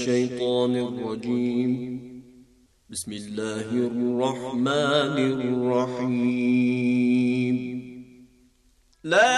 الشيطان الرجيم بسم الله الرحمن الرحيم لا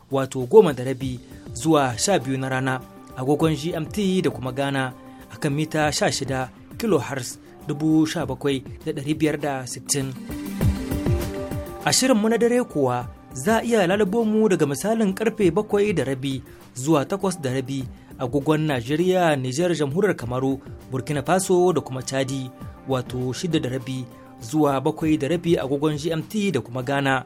wato goma da rabi zuwa sha biyu na rana agogon gmt da kuma ghana a kan mita biyar kilohertz sittin. a shirinmu na dare kuwa za a iya lalubo mu daga misalin karfe bakwai da rabi zuwa takwas da rabi agogon najeriya nijar jamhuriyar kamaru burkina faso da kuma chadi wato shida da rabi zuwa bakwai da rabi agogon gmt da kuma ghana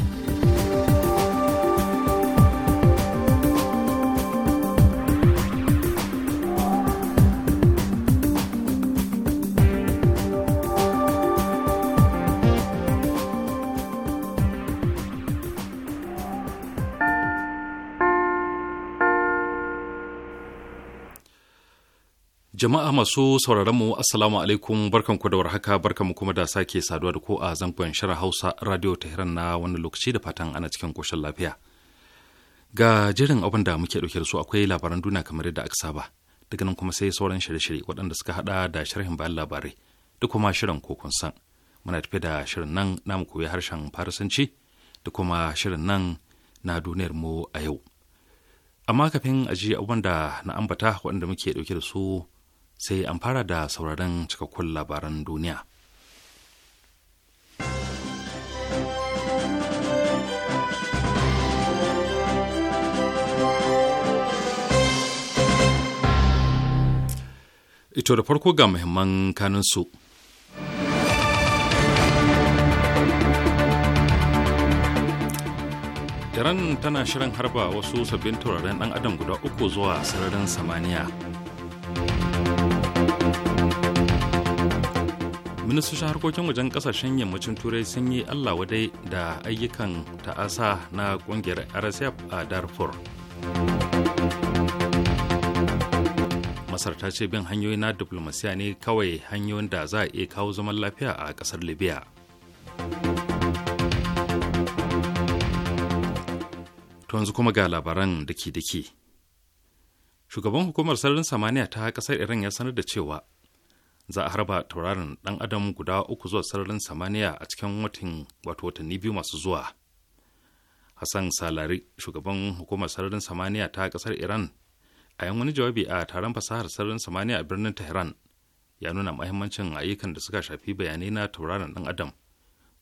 Jama'a masu sauraron mu Assalamu alaikum ku da warhaka barkanmu kuma da sake saduwa da ko a zangon shirin Hausa Radio Tehran na wannan lokaci da fatan ana cikin koshin lafiya. Ga jirin abin da muke dauke da su akwai labaran duniya kamar yadda aka saba. Daga nan kuma sai sauran shirye-shirye waɗanda suka hada da sharhin bayan labarai da kuma shirin kokun san. Muna tafi da shirin nan namu koyi harshen Farisanci da kuma shirin nan na duniyar mu a yau. Amma kafin a ji abin da na ambata waɗanda muke dauke da su sai an fara da sauraron cikakkun labaran duniya. Ito da farko ga muhimman kanunsu. Iran tana shirin harba wasu sabbin turaren ɗan adam guda uku zuwa sararin samaniya. ministocin harkokin wajen kasashen yammacin turai sun yi allah wadai da ayyukan ta'asa na kungiyar rsf a darfur masar ta ce bin hanyoyi na diplomasiya ne kawai hanyoyin da za a iya kawo zaman lafiya a kasar libya to yanzu kuma ga labaran daki-daki shugaban hukumar sararin samaniya ta kasar iran ya sanar da cewa za a harba tauraron dan adam guda uku zuwa sararin samaniya a cikin watan wato watanni biyu masu zuwa hassan salari shugaban hukumar sararin samaniya ta kasar iran a yan wani jawabi a taron fasahar sararin samaniya a birnin tehran ya nuna mahimmancin ayyukan da suka shafi bayanai na tauraron dan adam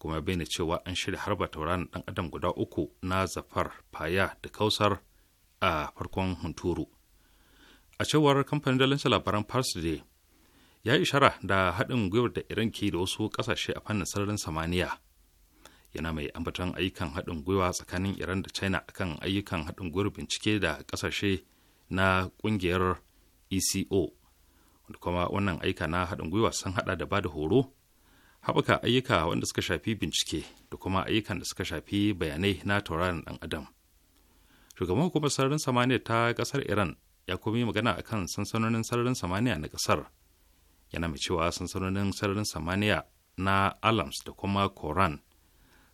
kuma bayyana cewa an shirya harba tauraron dan adam guda uku na zafar faya da kausar a farkon hunturu a cewar kamfanin dalilin labaran pars day ya ishara da haɗin gwiwar da iran ke da wasu ƙasashe a fannin sararin samaniya yana mai ambaton ayyukan haɗin gwiwa tsakanin iran da china akan ayyukan haɗin gwiwar bincike da ƙasashe na ƙungiyar eco wanda kuma wannan aika na haɗin gwiwa sun haɗa da bada horo haɓaka ayyuka wanda suka shafi bincike da kuma ayyukan da suka shafi bayanai na tauraron ɗan adam shugaban hukumar sararin samaniya ta ƙasar iran ya kuma yi magana akan sansanonin sararin samaniya na ƙasar yana mai cewa sansanonin sararin samaniya na alams da kuma koran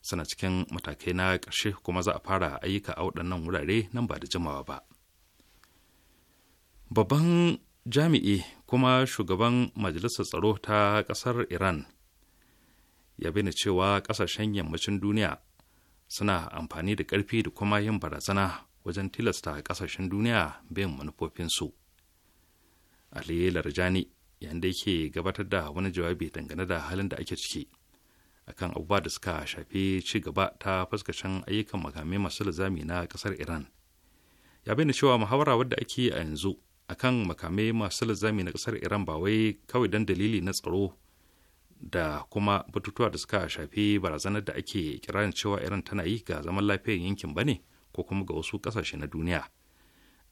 suna cikin matakai na ƙarshe kuma za a fara ayyuka a waɗannan wurare nan ba da jimawa ba babban jami'i kuma shugaban majalisar tsaro ta ƙasar iran ya bayyana cewa ƙasashen yammacin duniya suna amfani da ƙarfi da kuma yin barazana wajen tilasta ƙasashen duniya bin manufofinsu ali larjani yayin da yake gabatar da wani jawabi dangane da halin da ake ciki akan abubuwa da suka shafi ci gaba ta fuskacin ayyukan makamai masu lizami na kasar iran ya bayyana cewa muhawara wadda ake a yanzu akan makamai masu lizami na kasar iran ba wai kawai don dalili na tsaro da kuma batutuwa da suka shafi barazanar da ake kirarin cewa iran tana yi ga zaman lafiyar yankin ba ne ko kuma ga wasu kasashe na duniya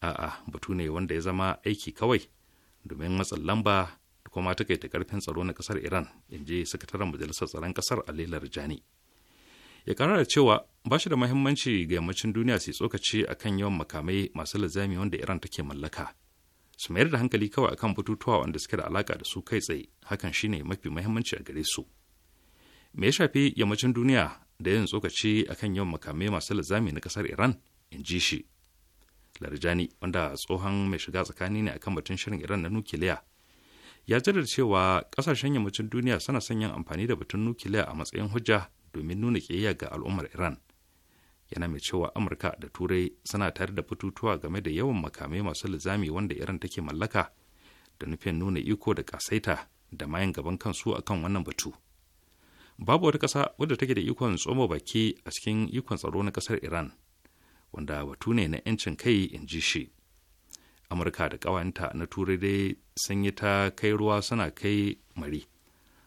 a'a batu ne wanda ya zama aiki kawai domin matsin lamba da kuma takaita karfin tsaro na kasar iran in ji sakataren majalisar tsaron kasar ali jani. ya kara da cewa ba shi da mahimmanci ga yammacin duniya su tsokaci a kan yawan makamai masu lazami wanda iran take mallaka su mayar da hankali kawai akan bututuwa wanda suke da alaka da su kai tsaye hakan shine mafi mahimmanci a gare su me ya shafi yammacin duniya da yin tsokaci akan yawan makamai masu lazami na kasar iran in ji shi Larijani wanda tsohon mai shiga tsakani ne akan batun shirin Iran na nukiliya. Ya jaddada cewa kasashen yammacin duniya suna son yin amfani da batun nukiliya a matsayin hujja domin nuna kiyayya ga al'ummar Iran. Yana mai cewa Amurka da Turai suna tare da bututuwa game da yawan makamai masu lizami wanda Iran take mallaka da nufin nuna iko da kasaita da mayan gaban kansu akan wannan batu. Babu wata ƙasa wadda take da ikon tsoma baki a cikin ikon tsaro na ƙasar Iran. wanda batu ne na 'yancin kai in ji shi amurka da ƙawanta na turai dai sun yi ta kai ruwa suna kai mari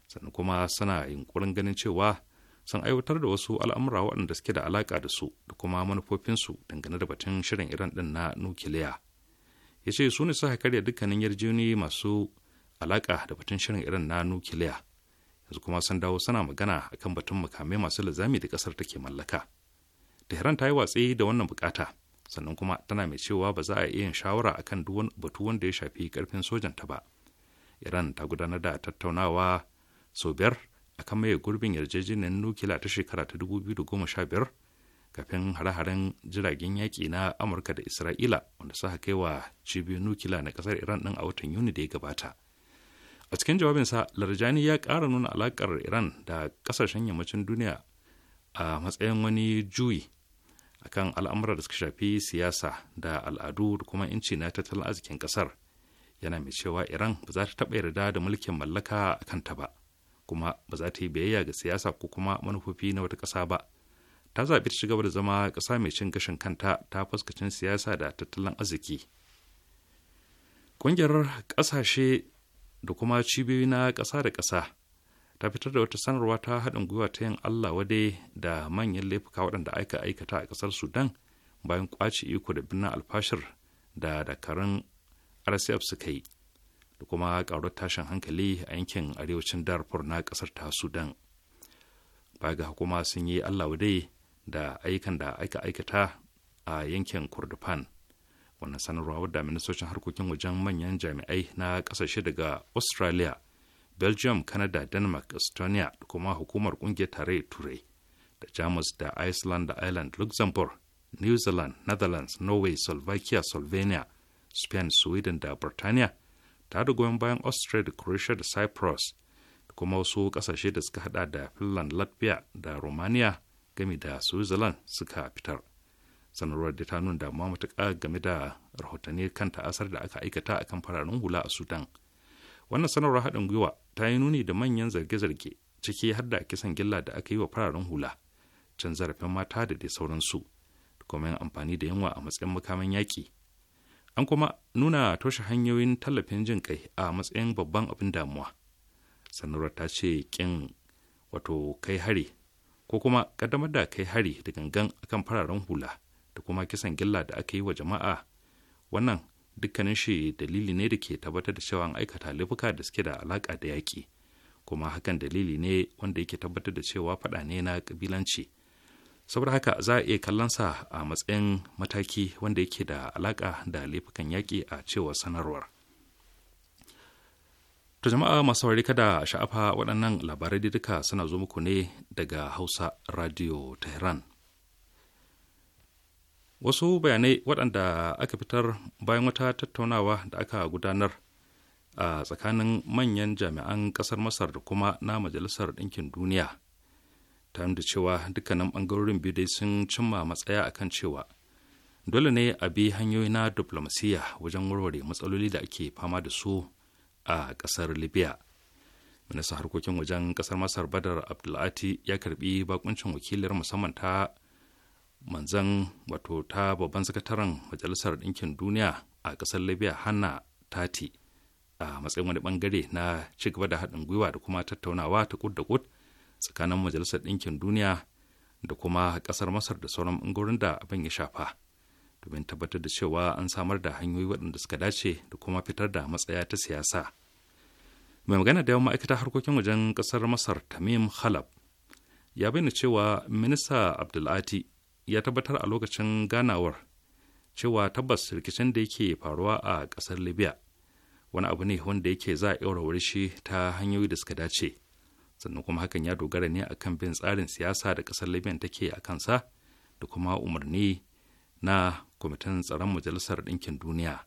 sannan kuma suna yunkurin ganin cewa sun aiwatar da wasu al'amura waɗanda suke da alaƙa da su da kuma manufofinsu dangane da batun shirin iran ɗin na nukiliya ya ce su ne suka karya dukkanin yarjejeni masu alaƙa da batun shirin iran na nukiliya yanzu kuma sun dawo suna magana akan batun makamai masu lizami da ƙasar take mallaka tehran ta yi watsi da wannan bukata sannan kuma tana mai cewa ba za a iya yin shawara akan duk wani batu wanda ya shafi karfin sojan ta ba iran ta gudanar da tattaunawa sau biyar akan maye gurbin yarjejeniyar nukila ta shekara ta 2015 kafin hare-haren jiragen yaƙi na amurka da isra'ila wanda suka kai wa cibiyar nukila na ƙasar iran ɗin a watan yuni da ya gabata a cikin jawabinsa larjani ya ƙara nuna alaƙar iran da ƙasashen yammacin duniya a matsayin wani juyi akan al'amura da suka shafi siyasa da al'adu da kuma inci na tattalin arzikin kasar yana mai cewa iran ba za ta taɓa yarda da mulkin mallaka a kanta ba kuma ba za ta yi biyayya ga siyasa ko kuma manufofi na wata ƙasa ba ta zaɓi ta ci gaba da zama ƙasa mai cin gashin kanta ta fuskacin siyasa da tattalin arziki ƙungiyar ƙasashe da kuma cibiyoyi na ƙasa da ƙasa ta fitar da wata sanarwa ta haɗin gwiwa ta yin allah wade da manyan laifuka waɗanda aka aikata a ƙasar sudan bayan ƙwace iko da birnin alfashir da dakarun rsf suka yi da kuma ƙaruwar tashin hankali a yankin arewacin darfur na ƙasar ta sudan baya ga kuma sun yi allah wade da ayyukan da aka aikata a yankin kurdufan wannan sanarwa wadda ministocin harkokin wajen manyan jami'ai na ƙasashe daga australia belgium canada denmark estonia da kuma hukumar kungiyar tarayyar turai da jamus da iceland da ireland luxembourg new zealand netherlands norway slovakia slovenia spain sweden da burtaniya ta da goyon bayan austria da croatia da cyprus da kuma wasu kasashe da suka hada da finland latvia da romania gami da switzerland suka fitar sanarwar da ta nuna damuwa matuƙa game da rahotanni kan ta'asar da aka aikata a kan fararen hula a sudan wannan sanarwar haɗin gwiwa ta yi nuni da manyan zarge-zarge ciki har da kisan gilla da aka yi wa fararen hula can zarafin mata da dai sauransu da kuma yin amfani da yunwa a matsayin makaman yaƙi an kuma nuna toshe hanyoyin tallafin jin kai a matsayin babban abin damuwa sanarwar ta ce kin wato kai hari ko kuma kaddamar da kai hari da gangan akan fararen hula da kuma kisan gilla da aka yi wa jama'a wannan dukkanin shi dalili ne da ke tabbatar da cewa an aikata laifuka da suke da alaka da yaƙi kuma hakan dalili ne wanda yake tabbatar da cewa faɗa ne na ƙabilanci saboda haka za a iya kallon sa a matsayin mataki wanda yake da alaƙa da laifukan yaƙi a cewa sanarwar to jama'a masu saurari kada sha'afa waɗannan labarai duka suna zo muku ne daga hausa radio tehran wasu bayanai waɗanda aka fitar bayan wata tattaunawa da aka gudanar a tsakanin manyan jami'an ƙasar masar da kuma na majalisar ɗinkin duniya ta da cewa dukkanin ɓangarorin biyu dai sun cimma matsaya a kan cewa dole ne a bi hanyoyi na diflomasiyya wajen warware matsaloli da ake fama da su a ƙasar libya ministan harkokin wajen ƙasar masar badar abdulati ya karbi bakuncin wakilar musamman ta manzan wato ta babban sakataren majalisar ɗinkin duniya a ƙasar libya hanna tati a matsayin wani bangare na ci gaba da haɗin gwiwa da kuma tattaunawa ta kud da kud tsakanin majalisar ɗinkin duniya da kuma ƙasar masar da sauran bangarorin da abin ya shafa domin tabbatar da cewa an samar da hanyoyi waɗanda suka dace da kuma fitar da matsaya ta siyasa mai magana da yawan ma'aikatar harkokin wajen ƙasar masar tamim khalab ya bayyana cewa minista abdulati ya tabbatar a lokacin ganawar cewa tabbas rikicin da yake faruwa a ƙasar libya wani abu ne wanda yake za a ɗaura shi ta hanyoyi da suka dace sannan kuma hakan ya dogara ne akan bin tsarin siyasa da ƙasar libya take a kansa da kuma umarni na kwamitin tsaron majalisar ɗinkin duniya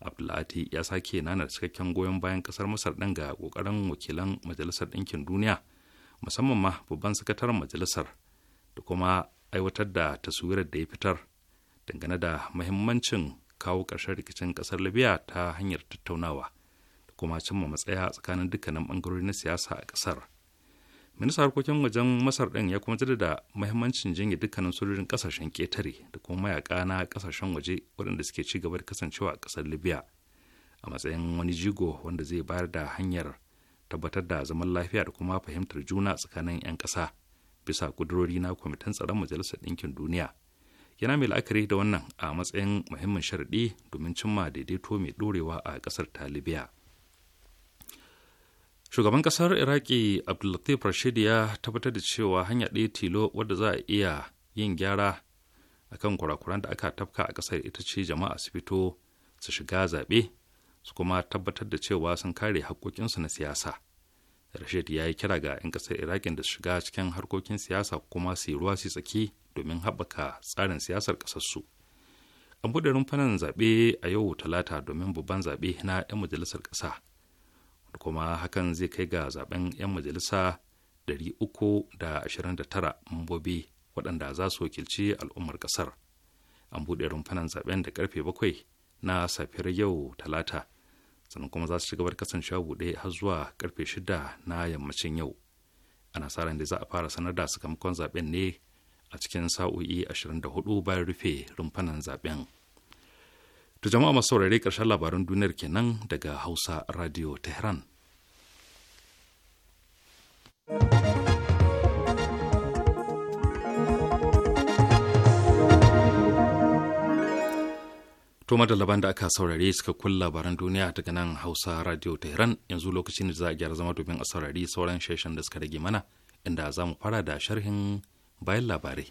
abdulati ya sake nanar cikakken goyon bayan ƙasar masar ɗin ga ƙoƙarin wakilan majalisar ɗinkin duniya musamman ma babban sakataren majalisar da kuma aiwatar da taswirar da ya fitar dangane da mahimmancin kawo ƙarshen rikicin ƙasar libya ta hanyar tattaunawa da kuma cimma matsaya tsakanin dukkanin ɓangarori na siyasa a ƙasar ministan harkokin wajen masar ɗin ya kuma jaddada mahimmancin jinya dukkanin sojojin ƙasashen ƙetare da kuma mayaƙa na ƙasashen waje waɗanda suke ci gaba da kasancewa a ƙasar libya a matsayin wani jigo wanda zai bayar da hanyar tabbatar da zaman lafiya da kuma fahimtar juna tsakanin 'yan ƙasa bisa kudurori na kwamitin tsaron majalisar ɗinkin duniya yana mai la'akari da wannan a matsayin muhimmin sharaɗi domin cimma daidaito mai ɗorewa a ƙasar ta libya shugaban ƙasar iraki abdullatif rashid ya tabbatar da cewa hanya ɗaya tilo wadda za a iya yin gyara akan kurakuran da aka tafka a ƙasar ita ce jama'a su fito su shiga zaɓe su kuma tabbatar da cewa sun kare haƙƙoƙinsu na siyasa rashid ya yi kira ga 'yan kasar iraƙin da shiga cikin harkokin siyasa kuma su yi ruwa su tsaki domin haɓaka tsarin siyasar ƙasarsu an buɗe rumfanan zaɓe a yau talata domin babban zaɓe na 'yan majalisar ƙasa kuma hakan zai kai ga zaɓen 'yan majalisa uku da da ashirin tara mambobi waɗanda za su wakilci al'ummar ƙasar an buɗe rumfanan zaɓen da ƙarfe bakwai na safiyar yau talata sannan kuma za su ci gaba kasancewa buɗe har zuwa karfe shida na yammacin yau ana sa ran da za a fara sanar da sakamakon zaben ne a cikin sa'o'i 24 bayan rufe rumfanan zaben to jama'a masu saurare karshen labaran duniyar kenan daga hausa radio tehran To madallaban da aka saurare suka kulla labaran duniya daga nan Hausa Radio Tehran yanzu lokacin da za a gyara zama domin a saurari sauran sheshen da suka rage mana inda za mu fara da sharhin bayan labarai.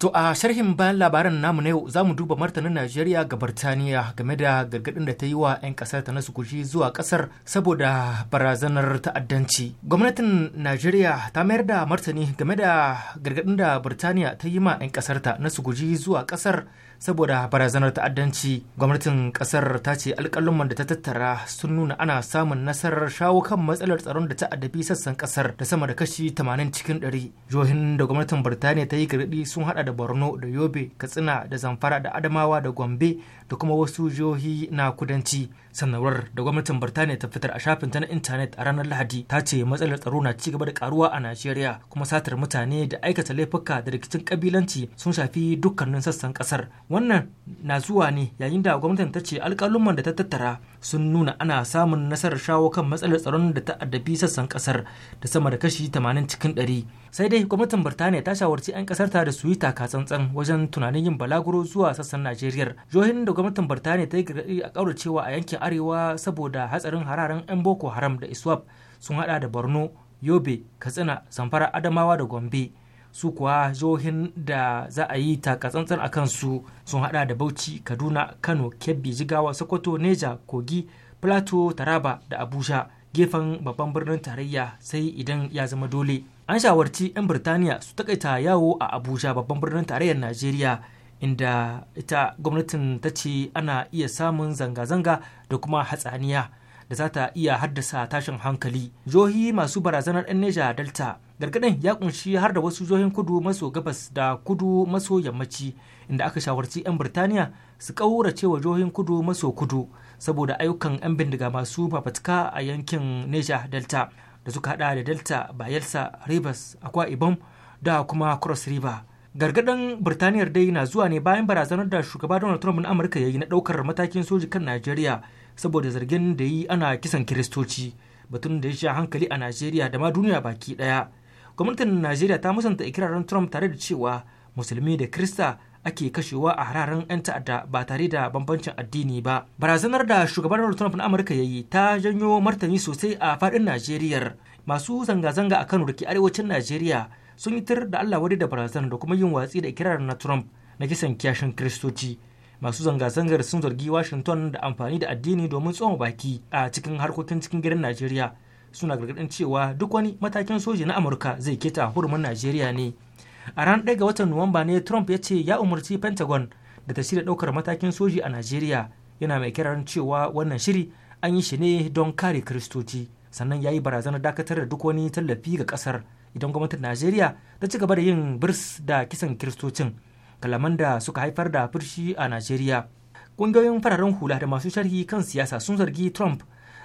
To a sharhin bayan labaran namu na yau za mu duba martanin Najeriya ga Birtaniya game da gargaɗin da ta yi wa 'yan ƙasar ta na su guji zuwa ƙasar saboda barazanar ta'addanci. Gwamnatin Najeriya ta mayar da martani game da gargadin da Birtaniya ta yi ma 'yan ƙasar ta na su guji zuwa ƙasar saboda barazanar ta'addanci gwamnatin kasar ta ce alƙalumman da ta tattara sun nuna ana samun nasarar shawo kan matsalar tsaron da ta addabi sassan kasar da sama da kashi 80 cikin 100 jihohin da gwamnatin birtaniya ta yi gargaɗi sun hada da borno da yobe katsina da zamfara da adamawa da gombe da kuma wasu jihohi na kudanci sanarwar da gwamnatin birtaniya ta fitar a shafinta na intanet a ranar lahadi ta ce matsalar tsaro na ci gaba da karuwa a najeriya kuma satar mutane da aikata laifuka da rikicin kabilanci sun shafi dukkanin sassan kasar wannan na zuwa ne yayin da gwamnatin ta ce alkalumman da ta tattara sun nuna ana samun nasarar shawo kan matsalar tsaron da ta addabi sassan kasar da sama da kashi 80 cikin 100 sai dai gwamnatin birtaniya ta shawarci 'yan kasar da su yi tsantsan wajen tunanin yin balaguro zuwa sassan najeriya johin da gwamnatin birtaniya ta yi gargaɗi a cewa a yankin arewa saboda hatsarin hararen 'yan boko haram da iswap sun hada da borno yobe katsina samfara adamawa da gombe su kuwa johin da za a yi takatsantsan a kansu sun hada da bauchi kaduna kano kebbi jigawa sokoto neja kogi plateau taraba da abuja gefen babban birnin tarayya sai idan ya zama dole an shawarci 'yan birtaniya su takaita yawo a abuja babban birnin tarayyar najeriya inda ita gwamnatin ta ce ana iya samun zanga-zanga da kuma hatsaniya da za ta iya haddasa tashin hankali jihohi masu barazanar 'yan neja delta gargaɗin ya kunshi har da wasu jihohin kudu maso gabas da kudu maso yammaci inda aka shawarci 'yan birtaniya su ƙaurace cewa jihohin kudu maso kudu saboda ayyukan 'yan bindiga masu fafatka a yankin neja delta da suka hada da delta bayelsa rivers akwa ibom da kuma cross river gargadan birtaniyar dai na zuwa ne bayan barazanar da shugaba donald trump na amurka ya yi na daukar matakin soji kan najeriya saboda zargin da yi ana kisan kiristoci batun da ya sha hankali a najeriya da ma duniya baki daya gwamnatin najeriya ta musanta ikirarin trump tare da cewa musulmi da krista ake kashewa a hararen 'yan ta'adda ba tare da bambancin addini ba barazanar da shugaban donald trump na amurka ya yi ta janyo martani sosai a faɗin najeriya masu zanga-zanga a kano da arewacin najeriya sun yi tir da allah wadi da barazanar da kuma yin watsi da ikirarin na trump na kisan kiyashin kiristoci masu zanga-zangar sun zargi washington da amfani da addini domin tsohon baki a cikin harkokin cikin gidan najeriya suna gargaɗin cewa duk wani matakin soji na amurka zai keta hurumin najeriya ne a ran ɗaya ga watan nuwamba ne trump ya ce ya umarci pentagon da ta shirya ɗaukar matakin soji a najeriya yana mai kiran cewa wannan shiri an yi shi ne don kare kiristoci sannan ya yi barazanar dakatar da duk wani tallafi ga kasar idan gwamnatin najeriya ta ci gaba da yin birs da kisan kiristocin kalaman da suka haifar da firshi a najeriya ƙungiyoyin fararen hula da masu sharhi kan siyasa sun zargi trump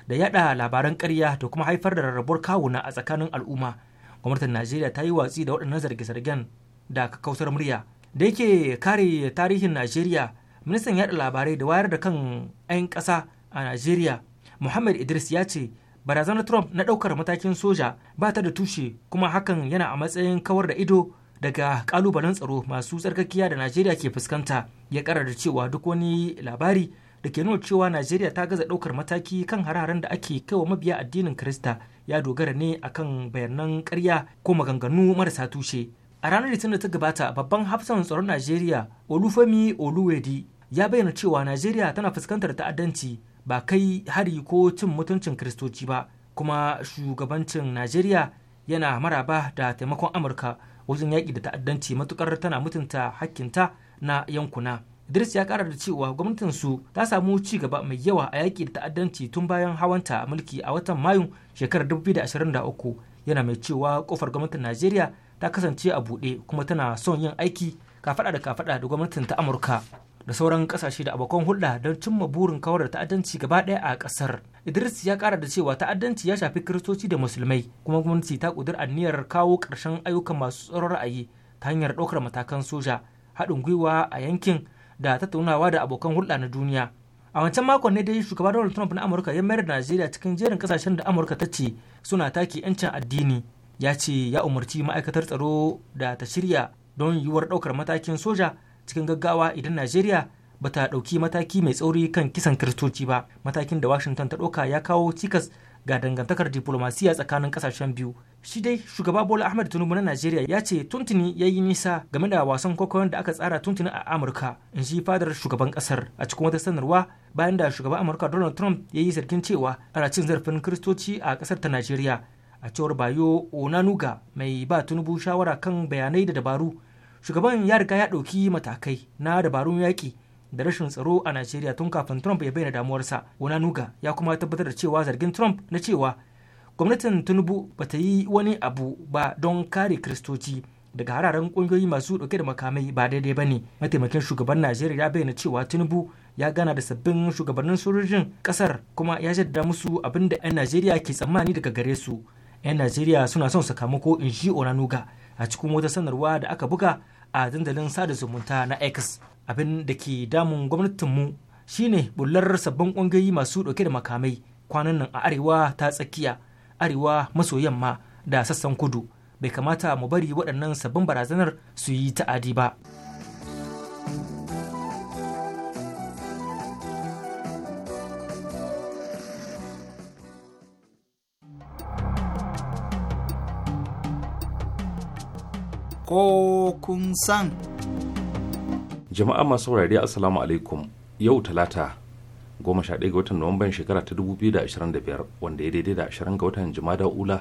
da yada labaran ƙarya da kuma haifar da rarrabuwar kawuna a tsakanin al'umma gwamnatin najeriya ta yi watsi da waɗannan zarge-zargen da kakkausar murya da yake kare tarihin najeriya ministan yaɗa labarai da wayar da kan 'yan ƙasa a najeriya muhammad idris ya ce barazanar trump na ɗaukar matakin soja ba ta da tushe kuma hakan yana a matsayin kawar da ido daga ƙalubalen tsaro masu tsarkakiya da najeriya ke fuskanta ya ƙara da cewa duk wani labari da ke nuna cewa najeriya ta gaza ɗaukar mataki kan hararen da ake kaiwa mabiya addinin kirista. ya dogara ne akan bayanan karya ko maganganu marasa tushe a ranar litinin da ta gabata babban hafsan tsaron najeriya olufemi oluwedi ya bayyana cewa najeriya tana fuskantar ta'addanci ba kai hari ko cin mutuncin kiristoci ba kuma shugabancin najeriya yana maraba da taimakon amurka wajen yaƙi da ta'addanci matukar tana mutunta hakkinta na yankuna Idris ya kara da cewa gwamnatin su ta samu ci gaba mai yawa a yaƙi da ta'addanci tun bayan hawanta mulki a watan Mayu shekarar 2023 yana mai cewa kofar gwamnatin Najeriya ta kasance a buɗe kuma tana son yin aiki kafaɗa da kafada da gwamnatin ta Amurka da sauran kasashe da abokan hulɗa don cimma burin kawar da ta'addanci gaba ɗaya a ƙasar. Idris ya ƙara da cewa ta'addanci ya shafi kiristoci da musulmai kuma gwamnati ta ƙudur aniyar kawo ƙarshen ayyukan masu tsaron ra'ayi ta hanyar ɗaukar matakan soja haɗin gwiwa a yankin da tattaunawa da abokan hulɗa na duniya a wancan makon ne dai shugaba donald trump na amurka ya mayar da najeriya cikin jerin kasashen da amurka ta ce suna take 'yancin addini ya ce ya umarci ma'aikatar tsaro da ta shirya don yiwuwar ɗaukar matakin soja cikin gaggawa idan najeriya bata ɗauki mataki mai tsauri kan kisan kiristoci ba matakin da washington ta ɗauka ya kawo cikas ga dangantakar diplomasiya tsakanin kasashen biyu shi dai shugaba bola ahmed Tunubu na najeriya ya ce tuntuni ya yi nisa game da wasan kwakwayon da aka tsara tuntuni a amurka in ji fadar shugaban kasar a cikin wata sanarwa bayan da shugaban amurka donald trump ya yi zargin cewa ana cin zarafin kiristoci a kasar ta najeriya a cewar bayo onanuga mai ba Tunubu shawara kan bayanai da dabaru shugaban ya riga ya ɗauki matakai na dabarun yaƙi da rashin tsaro a Najeriya tun kafin Trump ya bayyana damuwarsa. Wani nuga ya kuma tabbatar da cewa zargin Trump na cewa gwamnatin Tinubu ba ta yi wani abu ba don kare Kiristoci daga hararen kungiyoyi masu dauke da makamai ba daidai ba ne. Mataimakin shugaban Najeriya ya bayyana cewa Tinubu ya gana da sabbin shugabannin sojojin kasar kuma ya jaddada musu abin da 'yan Najeriya ke tsammani daga gare su. 'Yan Najeriya suna son sakamako in ji Onanuga a cikin wata sanarwa da aka buga a dandalin sada zumunta na X. abin da ke damun gwamnatinmu shine bullar sabbin ƙungiyoyi masu ɗauke da makamai kwanan nan a arewa ta tsakiya arewa maso yamma da sassan kudu bai kamata mu bari waɗannan sabbin barazanar su yi ta'adi ba. Ko kun san. jama'a masu wurare assalamu alaikum yau talata goma sha ɗaya ga watan nuwamban shekara ta dubu biyu da ashirin da biyar wanda ya daidai da ashirin ga watan da ula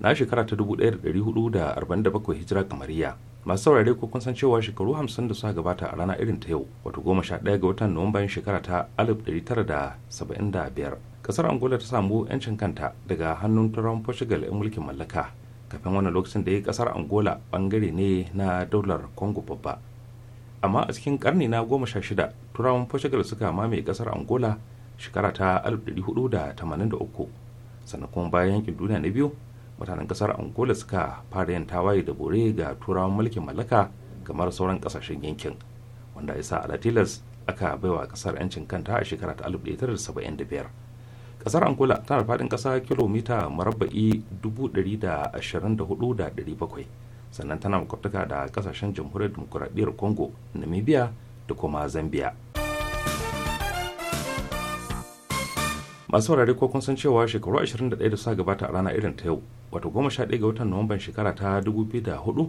na shekara ta dubu ɗaya da ɗari hudu da arba'in da bakwai hijira kamariya masu saurare ko kun san cewa shekaru hamsin da suka gabata a rana irin ta yau wato goma sha ɗaya ga watan nuwamban shekara ta alif ɗari tara da saba'in da biyar kasar angola ta samu yancin kanta daga hannun turawan portugal 'yan mulkin mallaka kafin wani lokacin da ya kasar angola bangare ne na daular congo babba amma a cikin karni na goma sha shida turawan portugal suka mamaye kasar angola shekara ta 1483 sannan kuma bayan yankin duniya na biyu mutanen kasar angola suka fara yin tawaye da bore ga turawan mulkin mallaka kamar sauran kasashen yankin wanda ya sa alatilas aka baiwa kasar yancin kanta a shekara ta 1975 kasar angola tana faɗin ƙasa kilomita marabba'i 124,700 sannan tana makwabtaka da kasashen jamhuriyar demokuraɗiyar congo namibia da kuma zambia masu wurare ko kun cewa shekaru 21 da suka gabata a rana irin ta yau wato 11 ga watan nuwamban shekara ta 2004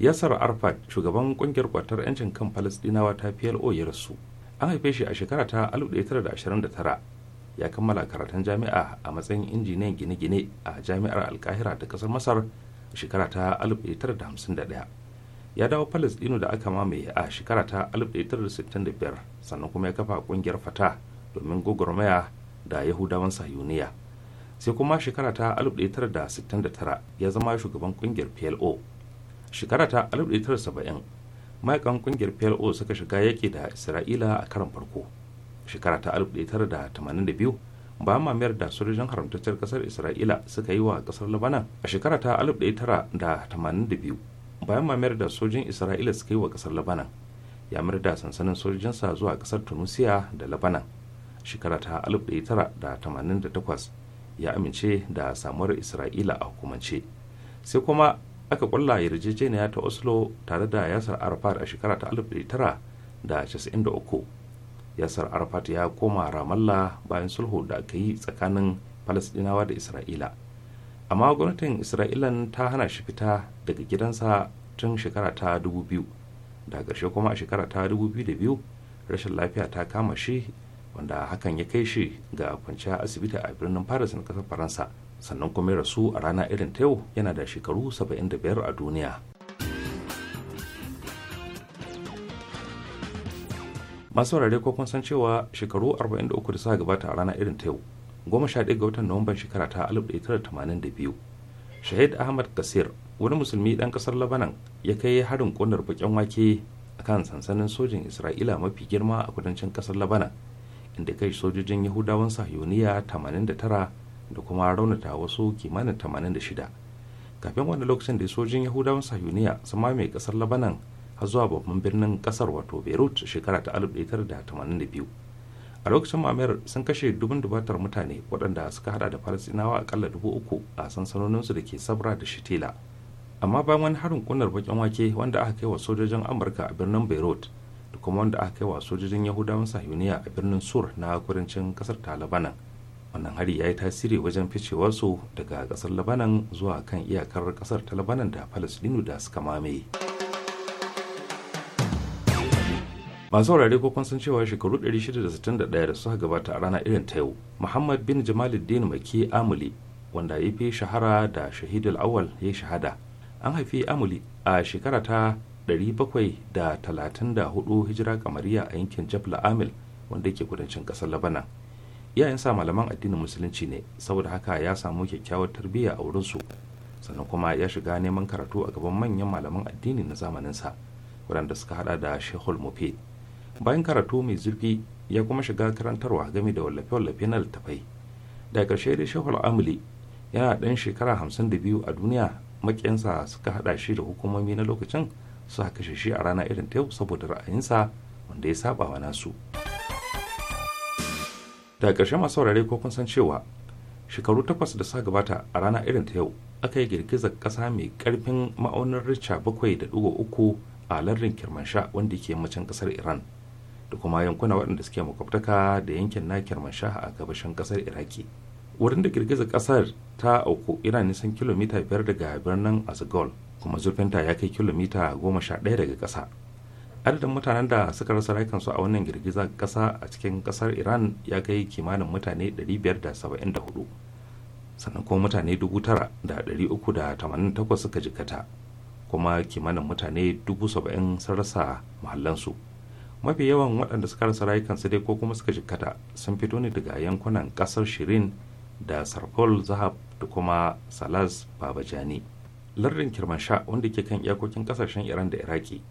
yasar arfat shugaban kungiyar kwatar 'yancin kan palestinawa ta plo ya rasu an haife shi a shekara ta 1929 ya kammala karatun jami'a a matsayin injiniyan gine-gine a jami'ar alkahira ta kasar masar shekara ta 1951 ya dawo palestino da aka mamaye a shekara ta 1965 sannan kuma ya kafa kungiyar fata domin gogormaya da yahudawan sayuniya sai kuma shekara ta 1969 ya zama shugaban kungiyar plo shekara ta 1970 ma'aikan kungiyar plo suka shiga yaƙi da isra'ila a karan farko shekara ta bayan mamayar da sojojin haramtaccen kasar isra'ila suka yi wa kasar labanan a shekara ta 1982 bayan mamayar da sojojin isra'ila suka yi wa kasar labanan ya mayar da sansanin sojojinsa zuwa kasar tunisia da labanan shekara ta 1988 ya amince da samuwar isra'ila a hukumance sai kuma aka kulla yarjejeniya ta oslo tare da yasar arafat a shekara ta 1993 yasar arafat ya koma ramallah bayan sulhu da aka yi tsakanin falasdinawa da isra'ila amma gwamnatin isra'ilan ta hana shi fita daga gidansa tun shekara ta 2000 da ƙarshe kuma a shekara ta 2002 rashin lafiya ta kama shi wanda hakan ya kai shi ga kwanciya asibiti a birnin paris na ƙasar faransa sannan kuma ya rasu a rana irin ta yau yana da shekaru 75 a duniya masu saurare ko kun san cewa shekaru 43 da suka gabata a rana irin ta yau goma sha ɗaya ga watan nuwamban shekara ta 1982 shahid ahmad kasir wani musulmi dan ƙasar labanan ya kai harin ƙunar baƙin wake a kan sansanin sojin isra'ila mafi girma a kudancin kasar labanan inda kai sojojin yahudawan sahiyoniya 89 da kuma raunata wasu kimanin 86 kafin wani lokacin da sojin yahudawan sahiyoniya sun mamaye kasar labanan har zuwa babban birnin kasar wato beirut shekara ta 1982 a lokacin mamayar sun kashe dubin dubatar mutane waɗanda suka hada da falasinawa akalla dubu uku a sansanoninsu da ke sabra da shitila amma bayan wani harin kunar bakin wake wanda aka kai wa sojojin amurka a birnin beirut da kuma wanda aka kai wa sojojin yahudawan sahuniya a birnin sur na kudancin kasar ta labanan wannan hari ya yi tasiri wajen ficewarsu daga kasar labanan zuwa kan iyakar kasar ta labanan da falasdinu da suka mamaye. masu wurare ko kun san cewa shekaru 661 da suka gabata a rana irin ta yau muhammad bin jamaluddin maki amuli wanda ya fi shahara da shahidul awal ya shahada an haifi amuli a shekara ta 734 hijira kamariya a yankin jabla amil wanda ke kudancin kasar labanan iyayensa malaman addinin musulunci ne saboda haka ya samu kyakkyawar tarbiyya a wurin su sannan kuma ya shiga neman karatu a gaban manyan malaman addini na zamanin sa wadanda suka hada da shehul mufid bayan karatu mai zurfi ya kuma shiga karantarwa game da wallafe-wallafe na littafai da ƙarshe dai shehul amuli yana ɗan shekara hamsin da biyu a duniya makiyansa suka haɗa shi da hukumomi na lokacin su haka shi a rana irin ta yau saboda ra'ayinsa wanda ya saba wa nasu da ƙarshe masu saurare ko kun san cewa shekaru takwas da sa gabata a rana irin ta yau aka yi girgizar ƙasa mai ƙarfin ma'aunin richa bakwai da ɗigo uku a lardin kirmansha wanda ke yammacin ƙasar iran da kuma yankuna waɗanda suke makwabtaka da yankin na kermanshaha a gabashin ƙasar iraki wurin da girgiza ƙasar ta auku yana nisan kilomita biyar daga birnin asgol kuma zurfinta ya kai kilomita goma sha ɗaya daga ƙasa adadin mutanen da suka rasa rayukansu a wannan girgiza ƙasa a cikin ƙasar iran ya kai kimanin mutane 574 sannan kuma mutane 9,388 suka jikata kuma kimanin mutane 70,000 sun rasa muhallansu. mafi yawan waɗanda suka rasa rayukansu dai ko kuma suka jikkata sun fito ne daga yankunan ƙasar shirin da sarpol zahab da kuma salas babajani lardin kirmansha wanda ke kan iyakokin kasashen iran da iraki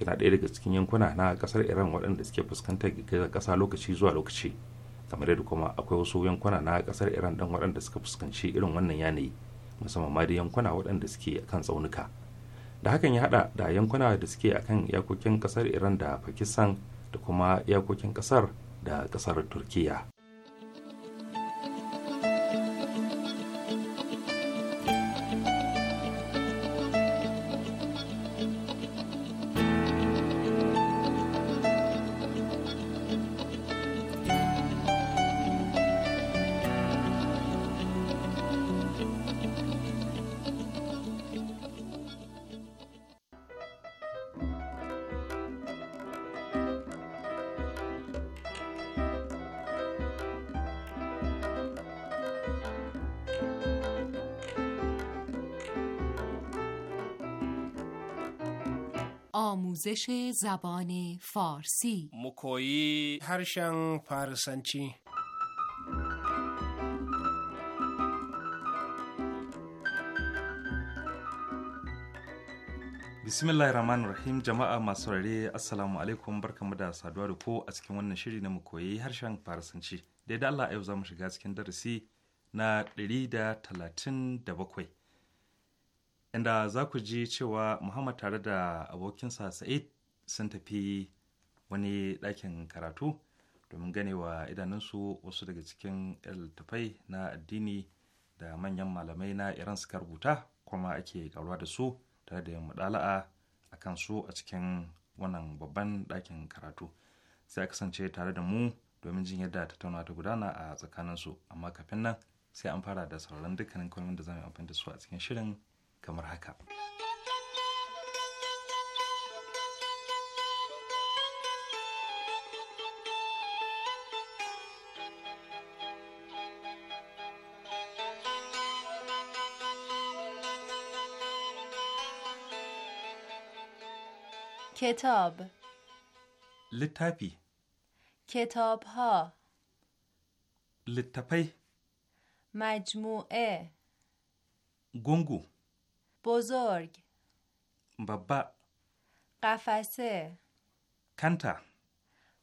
yana ɗaya daga cikin yankuna na ƙasar iran waɗanda suke fuskantar girgizar kasa lokaci zuwa lokaci kamar yadda kuma akwai wasu yankuna na ƙasar iran ɗan waɗanda suka fuskanci irin wannan yanayi musamman ma da yankuna waɗanda suke kan tsaunuka da hakan ya hada da yankuna da suke akan iyakokin kasar iran da pakistan da kuma iyakokin kasar da kasar turkiyya. آموزش زبان فارسی مکویی هرشن فارسنچی bismillahir rahmanir rahim jama'a masu rare assalamu alaikum barkamu da saduwa da ko a cikin wannan shiri na mu koyi harshen farasanci da Allah yau za mu shiga cikin darasi na 137 inda za ku ji cewa Muhammad tare da abokinsa Sa'id sun tafi wani ɗakin karatu domin ganewa idanunsu wasu daga cikin littattafai na addini da manyan malamai na Iran suka rubuta kuma ake karuwa da su tare da yin mudala'a a kan su a cikin wannan babban ɗakin karatu sai a kasance tare da mu domin jin yadda tattauna ta gudana a tsakaninsu amma kafin nan sai an fara da sauraron dukkanin kalmomin da zamu amfani da su a cikin shirin kamar haka. کتاب لطفی کتاب ها لطفی مجموعه گنگو بزرگ بابا قفسه کانتا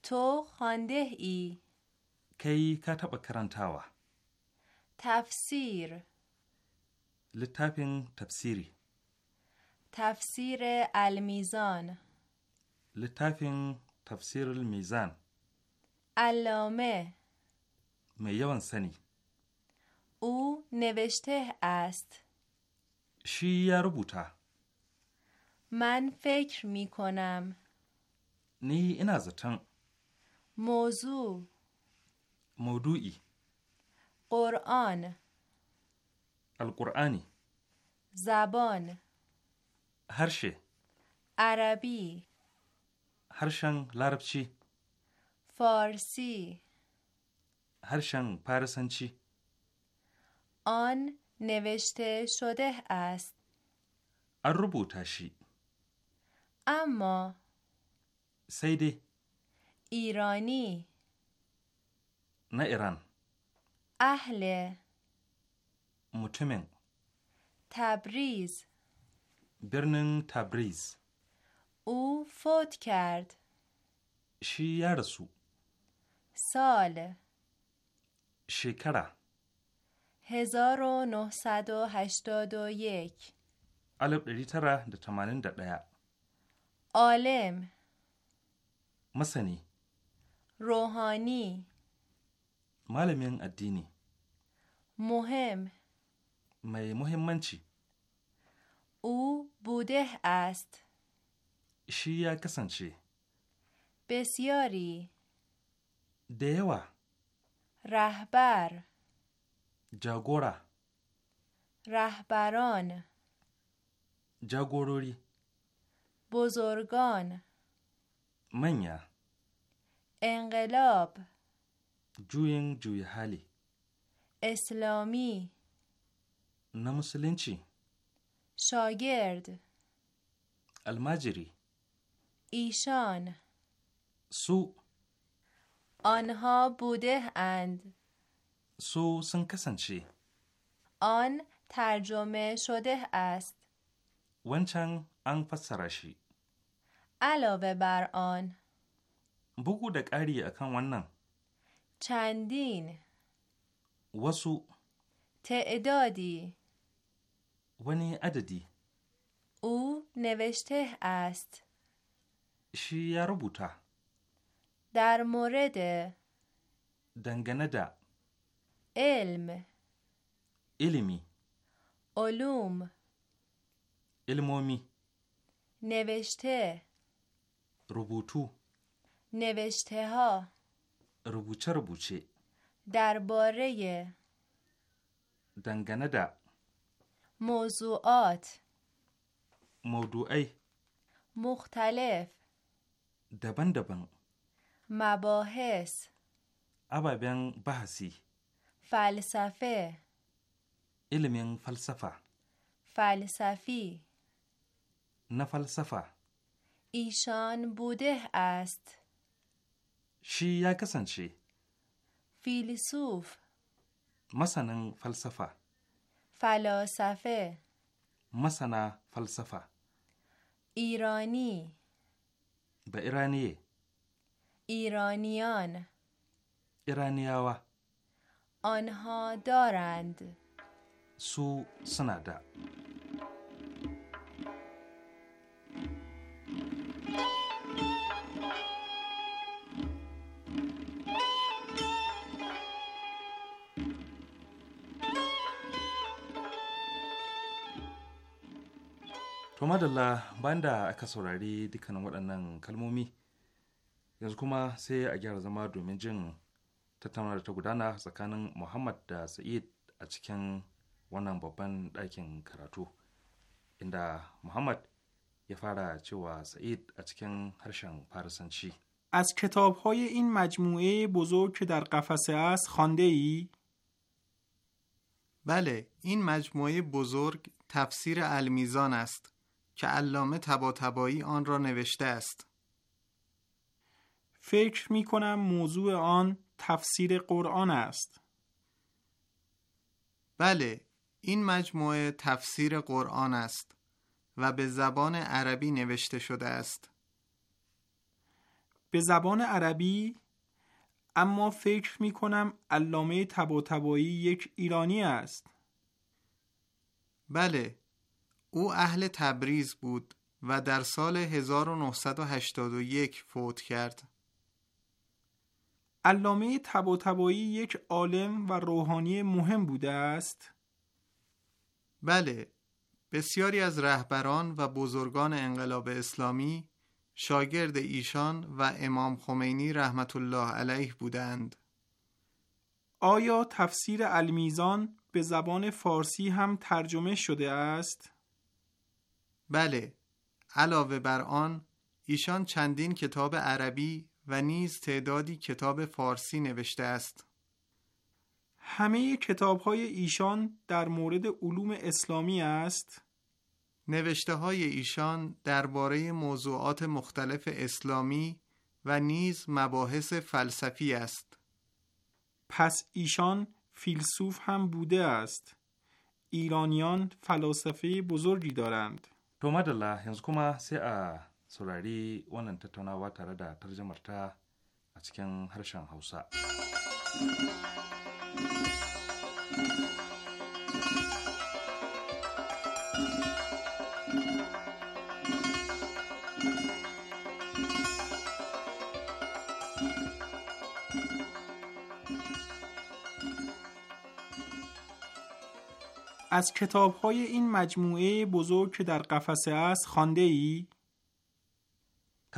تو خانده ای کی کا کرانتاوا تفسیر لتاپین تفسیری تفسیر المیزان لتاپین تفسیر المیزان علامه میوان سنی او نوشته است شی یا ربوتا من فکر می کنم نی اینا زتن موضوع موضوعی قرآن القرآنی زبان هرشه عربی هرشن لاربچی فارسی هرشن پارسنچی آن نوشته شده است an اما سیدی. ایرانی نه ایران اهل مطمئن. تبریز برنن تبریز او فوت کرد شیرسو سال شکره 1981 Alif 981 Alim Masani Rohani Malamin addini Muhim Mai muhimmanci U budeh ast Shi ya kasance Besiyari Da yawa Rahbar جاگورا رهبران جاگوروری بزرگان منیا انقلاب جوین جوی حالی اسلامی نمسلنچی شاگرد المجری ایشان سو آنها بوده اند سو سن کسنچی آن ترجمه شده است ونچن ان فسرشی علاوه بر آن بگو دکاری اکن ونن چندین وسو تعدادی ونی عددی او نوشته است شی یا در مورد دنگنه دا علم علمی علوم علمومی نوشته روبوتو نوشته ها روبوچه روبوچه درباره دنگنه دا موضوعات موضوعی مختلف دبن دبن مباحث عبابن بحثی falsafe ilimin falsafa falsafi na falsafa ishan bude ast shi ya kasance filisuf masanin falsafa falsafe masana falsafa irani ba iraniye iraniyan iraniyawa آنها دارند سو سندا To madalla banda aka saurari dukkanin waɗannan kalmomi yanzu kuma sai a gyara zama domin jin tattaunawar ta gudana tsakanin muhammad da sa'id a cikin wannan babban ɗakin karatu inda muhammad ya fara cewa sa'id a cikin harshen farisanci از کتاب های این مجموعه بزرگ که در قفسه است خانده ای؟ بله، این مجموعه بزرگ تفسیر المیزان است که علامه تبا تبایی آن را نوشته است. فکر می کنم موضوع آن تفسیر قرآن است بله این مجموعه تفسیر قرآن است و به زبان عربی نوشته شده است به زبان عربی اما فکر می کنم علامه تبا یک ایرانی است بله او اهل تبریز بود و در سال 1981 فوت کرد علامه طباطبایی یک عالم و روحانی مهم بوده است؟ بله، بسیاری از رهبران و بزرگان انقلاب اسلامی شاگرد ایشان و امام خمینی رحمت الله علیه بودند. آیا تفسیر المیزان به زبان فارسی هم ترجمه شده است؟ بله، علاوه بر آن ایشان چندین کتاب عربی و نیز تعدادی کتاب فارسی نوشته است. همه کتاب های ایشان در مورد علوم اسلامی است؟ نوشته های ایشان درباره موضوعات مختلف اسلامی و نیز مباحث فلسفی است. پس ایشان فیلسوف هم بوده است. ایرانیان فلاسفه بزرگی دارند. الله saurari wannan tattaunawa tare da tarjamarta a cikin harshen Hausa. از کتاب های این مجموعه بزرگ که در قفسه است خانده ای؟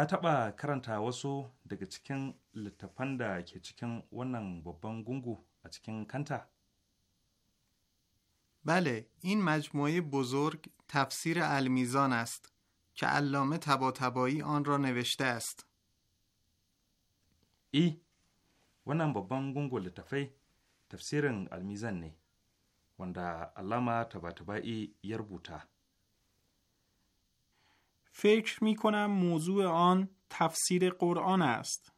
ka taɓa karanta wasu daga cikin littattafan da ke cikin wannan babban gungu a cikin kanta? Bale این مجموعه بزرگ تفسیر المیزان است که علامه طباطبایی آن را نوشته wannan babban gungu littafai tafsirin almizan ne wanda alama tabatabai ya rubuta فکر می کنم موضوع آن تفسیر قرآن است.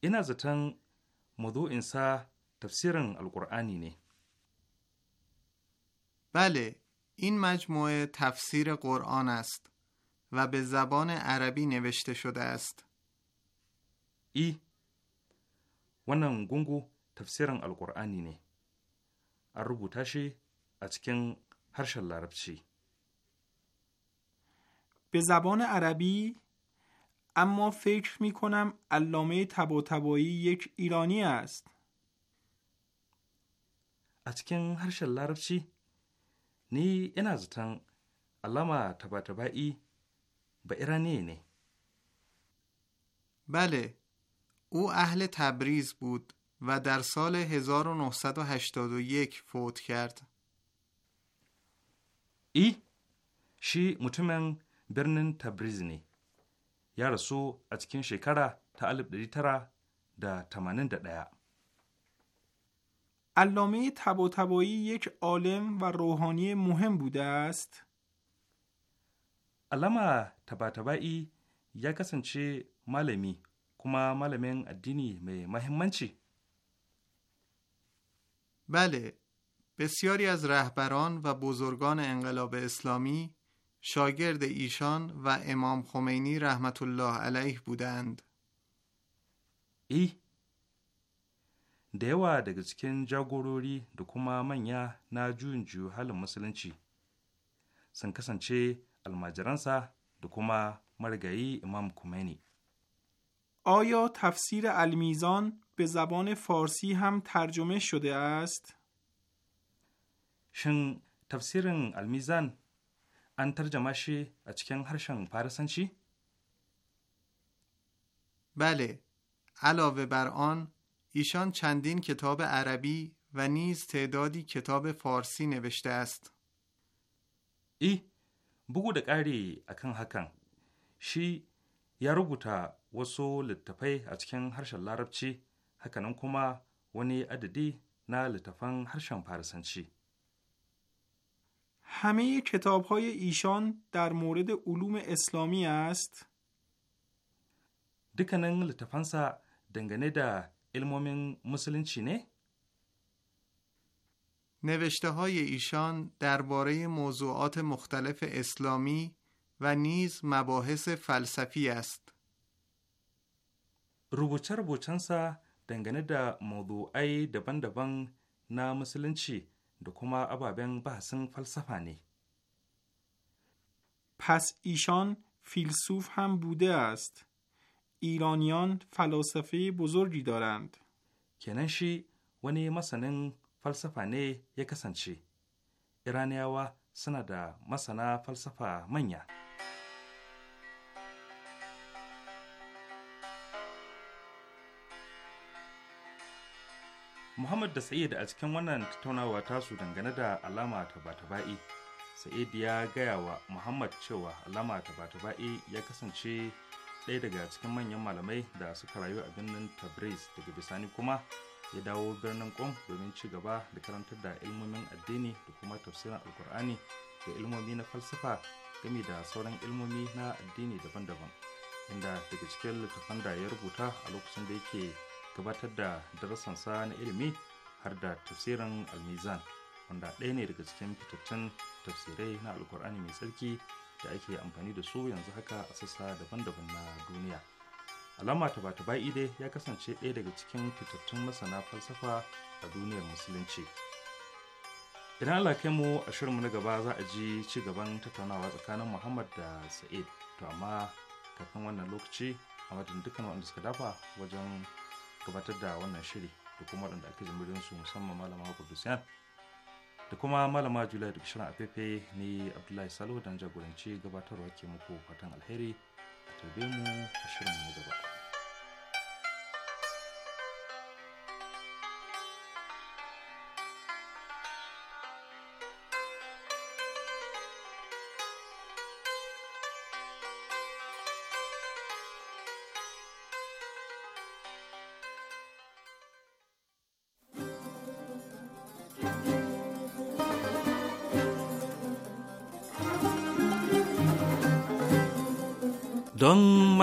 این از تن موضوع انسا تفسیر القرآنی نه. بله، این مجموعه تفسیر قرآن است و به زبان عربی نوشته شده است. ای ونن گونگو تفسیر نه. نه؟ an از کن هرشل به زبان عربی اما فکر می کنم علامه تبا یک ایرانی است. a cikin harshen نی ni ina علامه alama taba ایرانی به نه بله او اهل تبریز بود و در سال 1981 فوت کرد ای شی مطمئن برنن تبریز نه یا رسو a cikin shekara ta 1981 علامه تباتبایی یک عالم و روحانی مهم بوده است علامه طباطبایی یا kasance مالمی kuma malamin دینی mai mahimmanci بله بسیاری از رهبران و بزرگان انقلاب اسلامی شاگرد ایشان و امام خمینی رحمت الله علیه بودند ای دیوا دگه چکن جاگوروری دو کما من یا جون جو حال مسلنچی سن کسن چه المجرنسا دو کما مرگای امام خمینی آیا تفسیر المیزان به زبان فارسی هم ترجمه شده است؟ شن تفسیر المیزان an tarjama shi a cikin چی؟ بله علاوه بر آن ایشان چندین کتاب عربی و نیز تعدادی کتاب فارسی نوشته است ای بگو ده قری اکن حکن شی یا رو گوتا وسو لطفه اچکن هرشن لاربچی حکنم کما نی اددی نا لطفن هرشن پارسنچی همه کتاب های ایشان در مورد علوم اسلامی است؟ دکنن لطفانسا دنگنه دا علمومین مسلم چینه نوشته های ایشان درباره موضوعات مختلف اسلامی و نیز مباحث فلسفی است. روبوچه بوچنسا دنگنه دا موضوعی دبن دبن نا چی؟ da kuma ababen bahasin falsafa ne. Pas ishan filsuf ham bude ast. Iranian falsafe buzurgi darand. Kenan shi wani masanin falsafa ne ya kasance. Iraniyawa suna da masana falsafa manya. muhammad da sa'id a cikin wannan tattaunawa tasu dangane da alama ta ba'i sa'id ya gaya wa muhammad cewa alama ta ba'i ya kasance ɗaya daga cikin manyan malamai da suka rayu a birnin tabriz daga bisani kuma ya dawo birnin kom domin ci gaba da karantar da ilmomin addini da kuma tafsirin alkur'ani da ilmomi na falsafa game da sauran ilmomi na addini daban-daban inda daga cikin littattafan da ya rubuta a lokacin da yake gabatar da darasansa na ilimi har da tafsirin almizan wanda ɗaya ne daga cikin fitattun tafsirai na alkur'ani mai tsarki da ake amfani da su yanzu haka a sassa daban-daban na duniya alama ta bata bai dai ya kasance ɗaya daga cikin fitattun masana falsafa a duniyar musulunci idan allah kai mu a shirinmu na gaba za a ji ci gaban tattaunawa tsakanin muhammad da sa'id to amma kafin wannan lokaci a madadin dukkan wanda suka dafa wajen gabatar da wannan shiri da kuma waɗanda ake ji su musamman malama kudusiyan da kuma malama julia da kishirin afefe ne abdullahi salo don jagoranci gabatarwa ke muku fatan alheri a tarbe mu a shirin mu gaba.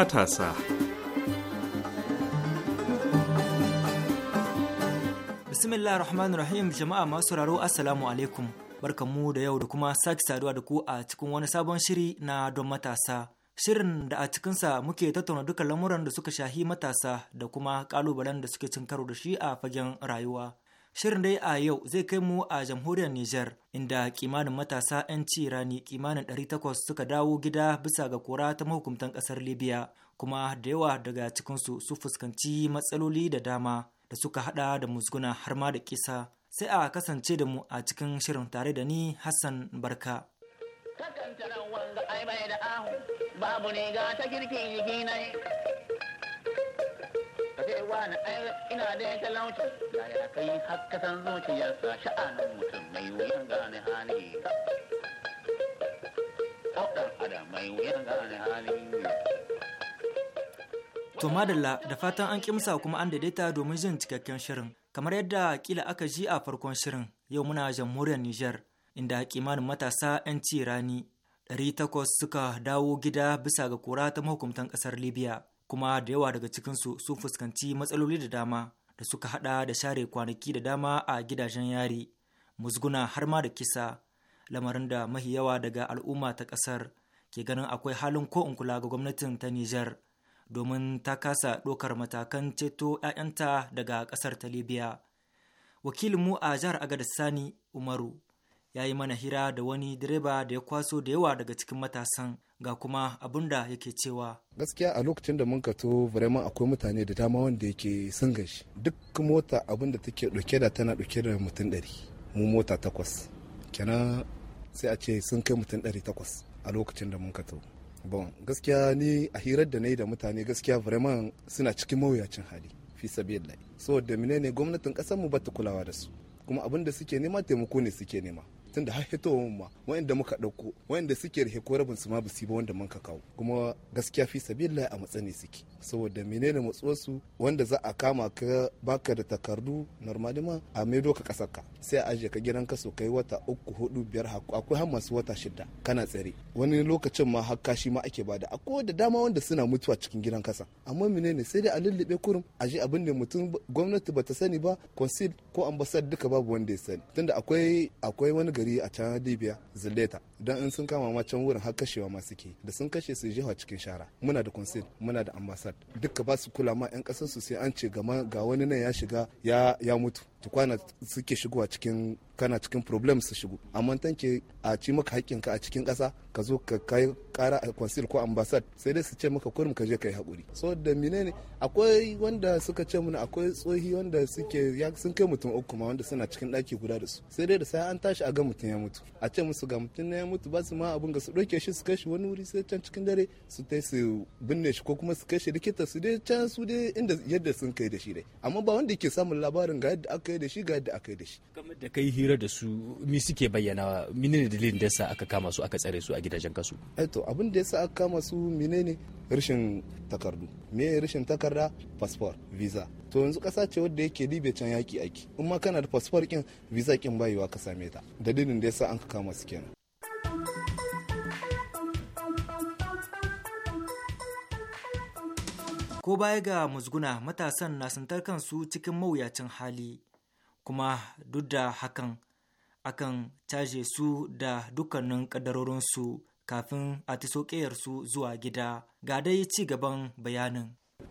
matasa. Bismillah rahman rahim jama'a masu sauraro, assalamu alaikum barkanmu da yau da kuma sake saduwa da ku a cikin wani sabon shiri na don matasa. Shirin da a cikinsa muke tattauna duka lamuran da suka shahi matasa da kuma ƙalubalen da suke cin karo da shi a fagen rayuwa. Shirin dai a yau zai kai mu a jamhuriyar Nijar inda kimanin matasa 'yan cirani kimanin 800 suka dawo gida bisa ga kora ta mahukuntan ƙasar Libya kuma da yawa daga cikinsu su fuskanci matsaloli da dama da suka hada da musguna har ma da kisa sai a kasance da mu a cikin shirin tare da ni Hassan Barka. babu ne ga ta girkin yi ina da ya da To madalla da fatan an kimsa kuma an daidaita domin jin cikakken shirin. Kamar yadda kila aka ji a farkon shirin yau muna jamhuriyar Nijar inda kimanin matasa 'yan ci rani 800 suka dawo gida bisa ga kura ta mahukuntan ƙasar Libya. kuma da yawa daga cikinsu sun fuskanci matsaloli da dama da suka hada da share kwanaki da dama a gidajen yari musguna har ma da kisa lamarin da mahi yawa daga al'umma ta kasar ke ganin akwai halin ko in kula ga gwamnatin ta Nijar domin ta kasa ɗaukar matakan ceto 'ya'yanta daga ƙasar ta Libya. Wakilinmu a jihar Agadis Sani Umaru ya yi mana hira da wani direba da ya kwaso da yawa daga cikin matasan ga kuma abin da yake cewa gaskiya a lokacin da mun ka to vraiment akwai mutane da dama wanda yake sun gashi duk mota abin da take dauke da tana dauke da mutum ɗari mu mota takwas kenan sai a ce sun kai mutum ɗari takwas a lokacin da mun to bon gaskiya ni a hirar da na yi da mutane gaskiya vraiment suna cikin mawuyacin hali fi sabiyallahi saboda menene gwamnatin kasar mu ba ta kulawa da su kuma abin da suke nema taimako ne suke nema tunda har hitowar ma wa'anda muka ɗauko wa'anda suke da ko rabin su ma ba ba wanda ka kawo kuma gaskiya fi sabilillahi a matsani suke saboda menene matsuwarsu wanda za a kama ka baka da takardu normali ma a maido ka kasar ka sai a aje ka gidan ka so kai wata uku hudu biyar akwai har masu wata shida kana tsare wani lokacin ma har kashi ma ake bada akwai da dama wanda suna mutuwa cikin gidan kasa amma menene sai dai a lullube kurum a je abin da mutum gwamnati bata sani ba consul ko ambassador duka babu wanda ya sani tunda akwai akwai wani gari a can libya zilleta don in sun kama ma can wurin har kashewa ma suke da sun kashe su jiha cikin shara muna da consul muna da ambassad duka ba su kula ma yan kasar su sai an ce ga wani nan ya shiga ya mutu tukwana suke shigowa cikin kana cikin problem su shigo amma tanke a ci maka haƙƙinka a cikin kasa ka zo ka kai ƙara a consul ko ambassad sai dai su ce maka kurum ka je kai haƙuri so da ne akwai wanda suka ce mana akwai tsohi wanda suke sun kai mutum uku ma wanda suna cikin ɗaki guda da su sai dai da sai an tashi a ga mutum ya mutu a ce musu ga mutum ya mutu ba su ma abin ga su ɗauke shi su kai shi wani wuri sai can cikin dare su tai su binne shi ko kuma su kai likita su dai can su dai inda yadda sun kai da shi dai amma ba wanda ke samun labarin ga yadda aka kai da shi ga yadda aka yi da shi kamar da kai hira da su mi suke bayyana menene dalilin da yasa aka kama su aka tsare su a gidajen kasu Ai eh to abin da yasa aka kama su menene rashin takardu me rashin takarda passport visa to yanzu kasa ce wadda yake dibe can yaki aiki in ma kana da passport kin visa kin bayewa ka same ta dalilin da yasa an kama su kenan ko baya ga musguna matasan na kan kansu cikin mawuyacin hali kuma duk da hakan akan caje su da dukkanin ƙaddarorinsu kafin a ta su zuwa gida ga dai ci gaban bayanin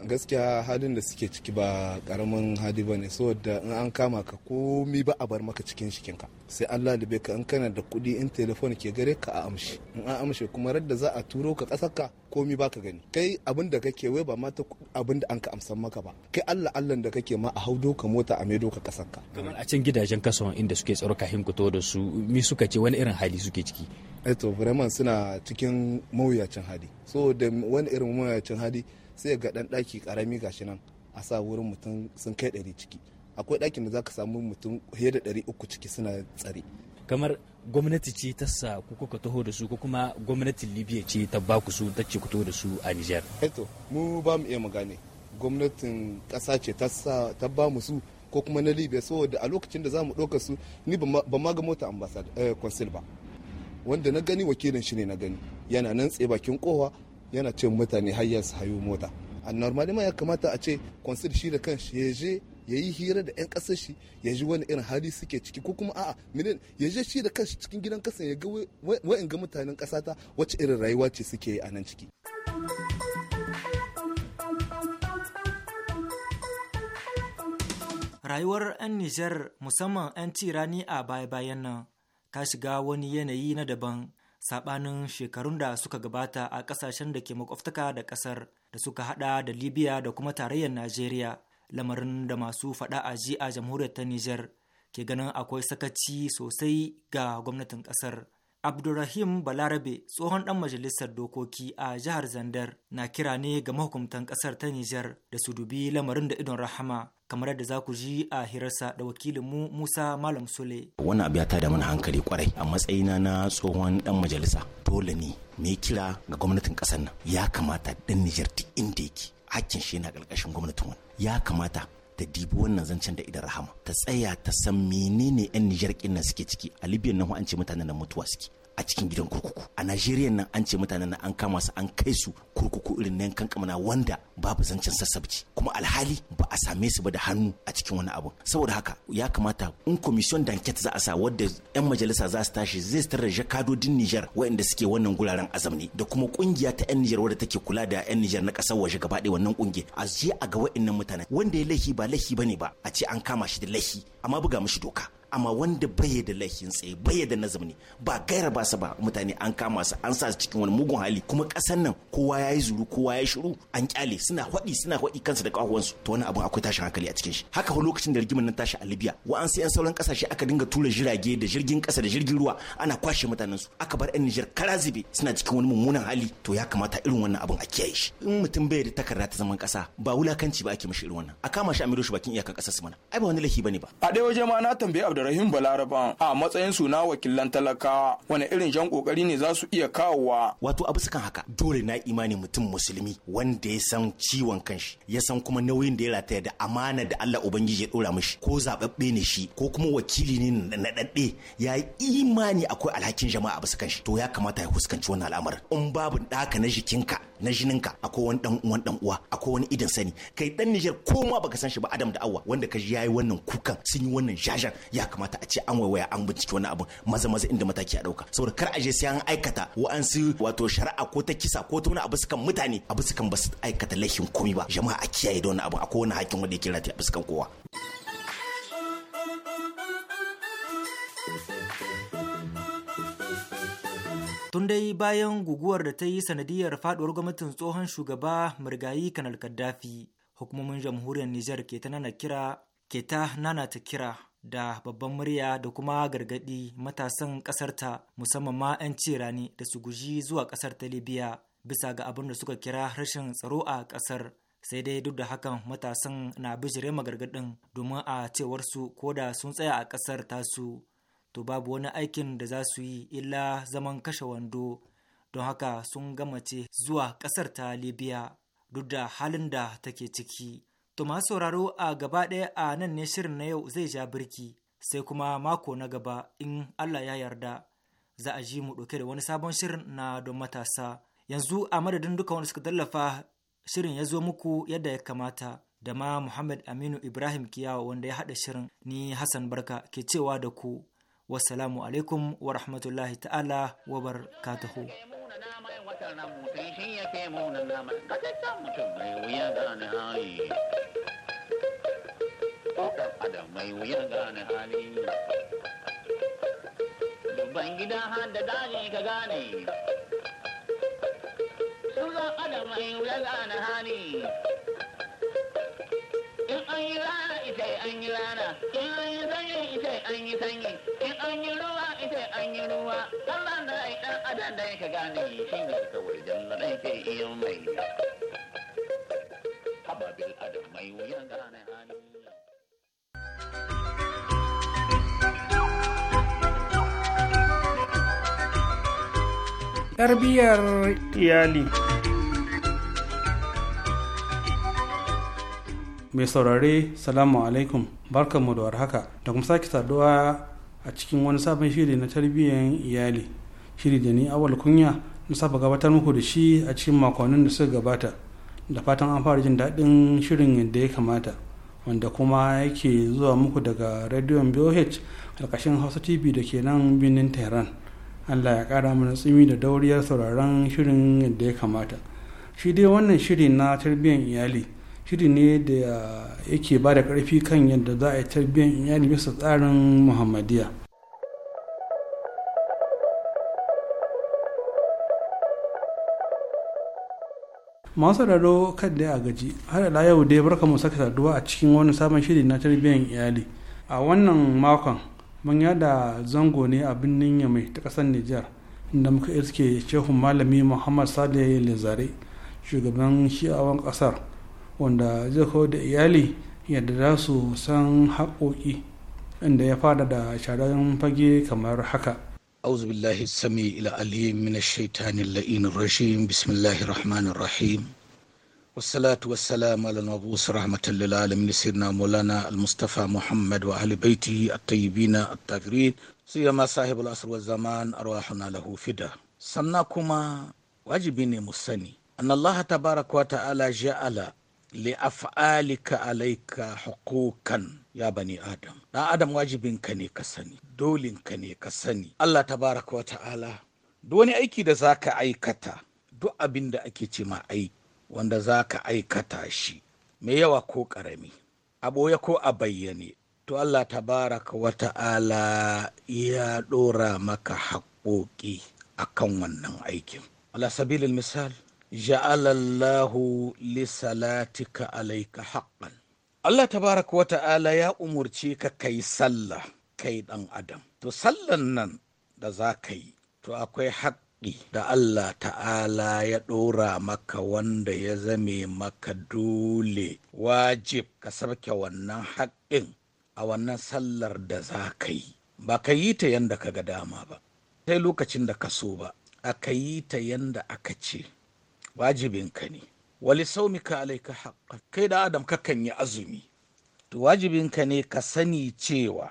gaskiya halin da suke ciki ba karamin hali ba ne saboda in an kama ka komi ba a bar maka cikin shikinka sai an lalube ka in kana da kuɗi in telefon ke gare ka a amshi in an amshe kuma radda za a turo ka ƙasar ka komi ba ka gani kai abin da kake wai ba mata abin da an ka amsan maka ba kai allah allah da kake ma a haudo ka mota a maido ka ƙasar ka. kamar a can gidajen kasuwan inda suke tsaro kahin fito da su mi suka ce wani irin hali suke ciki. eto eh vraiment suna cikin mawuyacin hali so da wani irin mawuyacin hali sai ga dan daki karami gashi nan a sa wurin mutum sun kai ɗari ciki akwai ɗakin da zaka samu mutum fiye da ɗari uku ciki suna tsare kamar gwamnati ce ta sa ku kuka taho da su ko kuma gwamnatin libya ce ta ba ku su ta ce ku taho da su a niger eto eh mu ba mu iya magane gwamnatin ƙasa ce ta sa ta ba mu su ko kuma na libya saboda a lokacin da za mu ɗauka su ni ba ma ga mota ambassador eh, consul ba wanda na gani wakilin shi ne na gani yana nan tsaye bakin kowa yana ce mutane hayyar su hayo mota a normali ma ya kamata a ce consul shi da kanshi ya je ya yi hira da 'yan kasar shi ya ji wani irin hali suke ciki ko kuma a'a milin ya je shi da kanshi cikin gidan kasan ya ga wa'in ga mutanen kasata wacce irin rayuwa ce suke yi a nan ciki rayuwar 'yan nijar musamman 'yan tirani a baya-bayan nan ta shiga wani yanayi na daban sabanin shekarun da suka gabata a kasashen da ke makwabtaka da kasar da suka hada da libya da kuma tarayyar najeriya lamarin da masu fada a ji a jamhuriyar ta niger ke ganin akwai sakaci sosai ga gwamnatin kasar Abdurrahim Balarabe tsohon ɗan majalisar dokoki a jihar Zandar na kira ne ga mahukumtan ƙasar ta Nijar da su dubi lamarin da idon rahama kamar yadda za ku ji a hirarsa da wakilinmu Musa Malam Sule. Wannan abu ya tada mana hankali kwarai a matsayina na tsohon ɗan majalisa dole ne mai kira ga gwamnatin ƙasar nan ya kamata ɗan Nijar duk inda yake hakkin shi na ƙarƙashin gwamnatin wani ya kamata ta dibi wannan zancen da idan rahama ta tsaya ta san menene yan Nijar kinnan suke ciki a Libya nan an ce mutanen nan mutuwa suke a cikin gidan kurkuku a najeriya nan an ce mutanen na an kama su an kai su kurkuku irin nan kan kamana wanda babu zancen sassabci kuma alhali ba a same su ba da hannu a cikin wani abu saboda haka ya kamata in commission danket za a sa wadda yan majalisa za su tashi zai tarar da jakadodin Nijar waɗanda suke wannan guraren azamni da kuma kungiya ta yan Nijar wadda take kula da yan Nijar na kasar waje gaba ɗaya wannan kungiya a je a ga waɗannan mutanen wanda ya laifi ba laifi bane ba a ce an kama shi da laifi amma buga mishi doka amma wanda bai da laifin tsaye baya da nazamni ba gaira ba ba mutane an kama su an sa su cikin wani mugun hali kuma kasan nan kowa ya yi zuru kowa ya shiru an kyale suna hwaɗi suna hwaɗi kansu da kahuwansu to wani abun akwai tashin hankali a cikin shi haka lokacin da rigimin nan tashi a Libya wa'ansu 'yan sauran kasashe aka dinga tura jirage da jirgin kasa da jirgin ruwa ana kwashe mutanen su aka bar 'yan Nijar karazibe suna cikin wani mummunan hali to ya kamata irin wannan abun a kiyaye shi in mutum bai da takarda ta zaman kasa ba wulakanci ba ake mishi irin wannan a kama shi a miro shi bakin iyakan kasar su mana ai ba wani laifi bane ba a ɗaya waje ma na abdurrahim balaraban a matsayin su na wakilan talakawa wani irin jan kokari ne za su iya kawowa wato a bisa haka dole na imani mutum musulmi wanda ya san ciwon kanshi ya san kuma nauyin da ya rataya da amana da Allah ubangiji ya dora mishi ko zababbe ne shi ko kuma wakili ne na dadde ya yi imani akwai alhakin jama'a a bisa kanshi to ya kamata ya fuskanci wannan al'amarin in babu ɗaka na jikinka na jininka akwai wani dan uwan dan uwa akwai wani idan sani kai dan Niger ko ma baka san shi ba Adam da Awwa wanda ka ji yayi wannan kukan sun yi wannan jajan ya kamata a ce an waiwaya an bincike wannan abun maza maza inda mataki a dauka saboda kar a je sai an aikata wa'ansu wato shari'a ko ta kisa ko ta wani abu sukan mutane abu sukan ba su aikata laifin komi ba jama'a a kiyaye da wannan abun akwai wani hakkin wanda yake rati a fuskan kowa Tun dai bayan guguwar da ta yi sanadiyar faduwar gwamnatin tsohon shugaba Murgayi Kanal Kaddafi, hukumomin jamhuriyar Nijar ke ta nana kira ke ta nana ta kira da babban murya da kuma gargadi matasan ƙasarta musamman ma 'yan cirani da su guji zuwa kasar ta Libya bisa ga abin da suka kira rashin tsaro a kasar sai dai duk da hakan matasan na bijire magargadin domin a cewar su koda sun tsaya a kasar tasu to babu wani aikin da za su yi illa zaman kashe wando don haka sun gamace zuwa ƙasar ta libya duk da halin da take ciki to masu sauraro a gaba ɗaya a nan ne shirin na yau zai ja birki sai kuma mako na gaba in allah ya yarda za a ji mu ɗauke da wani sabon shirin na don matasa yanzu a madadin duka wanda suka tallafa shirin ya zo muku yadda ya kamata da ma muhammad aminu ibrahim kiyawa wanda ya haɗa shirin ni hassan barka ke cewa da ku wassalamu alaikum wa rahmatullahi ta'ala wa barakatuhu adam mai wuya gane hali dubban gida har da daji ka gane Sunan adam mai wuya gane hali an yi rana ita an yi rana in an yi sanyi ita an yi sanyi in an yi ruwa ita an yi ruwa Allah da ai dan adam da yake gane shi ne kawai jalla dai ke iya mai haba bil adam mai wuyan gane hali tarbiyyar iyali mai saurare salamu alaikum barkanmu da warhaka da kuma sake saduwa a cikin wani sabon shiri na tarbiyyar iyali shiri da ni awal kunya na saba gabatar muku da shi a cikin makonnin da suka gabata da fatan an fara jin daɗin shirin yadda ya kamata wanda kuma yake zuwa muku daga rediyon boh karkashin hausa tv da ke nan birnin tehran allah ya kara mana tsimi da dauriyar sauraron shirin yadda ya kamata shi dai wannan shiri na tarbiyyar iyali shiri ne da yake ba da karfi kan yadda za a yi tarbiyyar iyali bisa tsarin muhammadiya masu raro kan da a gaji har da yau dai barka mu saka saduwa a cikin wani sabon shiri na tarbiyyar iyali a wannan makon mun yada zango ne a birnin yamai ta kasar nijar inda muka iske shehun malami muhammad sale lezare shugaban shi'awan kasar wanda zai kawo da iyali yadda za su san haƙoƙi inda ya fada da sharan fage kamar haka أعوذ بالله السميع العليم من الشيطان اللئيم الرجيم بسم الله الرحمن الرحيم والصلاة والسلام على المبعوث رحمة للعالمين سيدنا مولانا المصطفى محمد وأهل بيته الطيبين الطاهرين سيما صاحب العصر والزمان أرواحنا له فدا سنكما واجبين مسني أن الله تبارك وتعالى جعل li'af'alika alaika hukukan ya bani adam ɗan adam wajibinka ne ka sani dolinka ne ka sani allah tabaraka wa ta'ala duk wani aiki da zaka aikata duk abin da ake ce ma aiki wanda zaka aikata shi mai yawa ko ƙarami a ɓoye ko a bayyane to allah tabaraka wa ta'ala ya ɗora maka haƙoƙi akan wannan aikin ala sabilin misal ja'alallahu lisalatika alaika haqqan Allah tabaraka wa ta'ala ya umarci ka kai sallah kai ɗan adam to sallan nan da za ka yi to akwai haƙƙi da Allah ta'ala ya ɗora maka wanda ya zame maka dole wajib ka sabke wannan haƙƙin a wannan sallar da za ka yi ba ka yi ta yanda ka ga dama ba sai lokacin da ka so ba aka yi ta yanda aka ce wajibinka ne wali saumika alaika haƙa kai da adam kakan yi azumi to wajibin ka ne ka sani cewa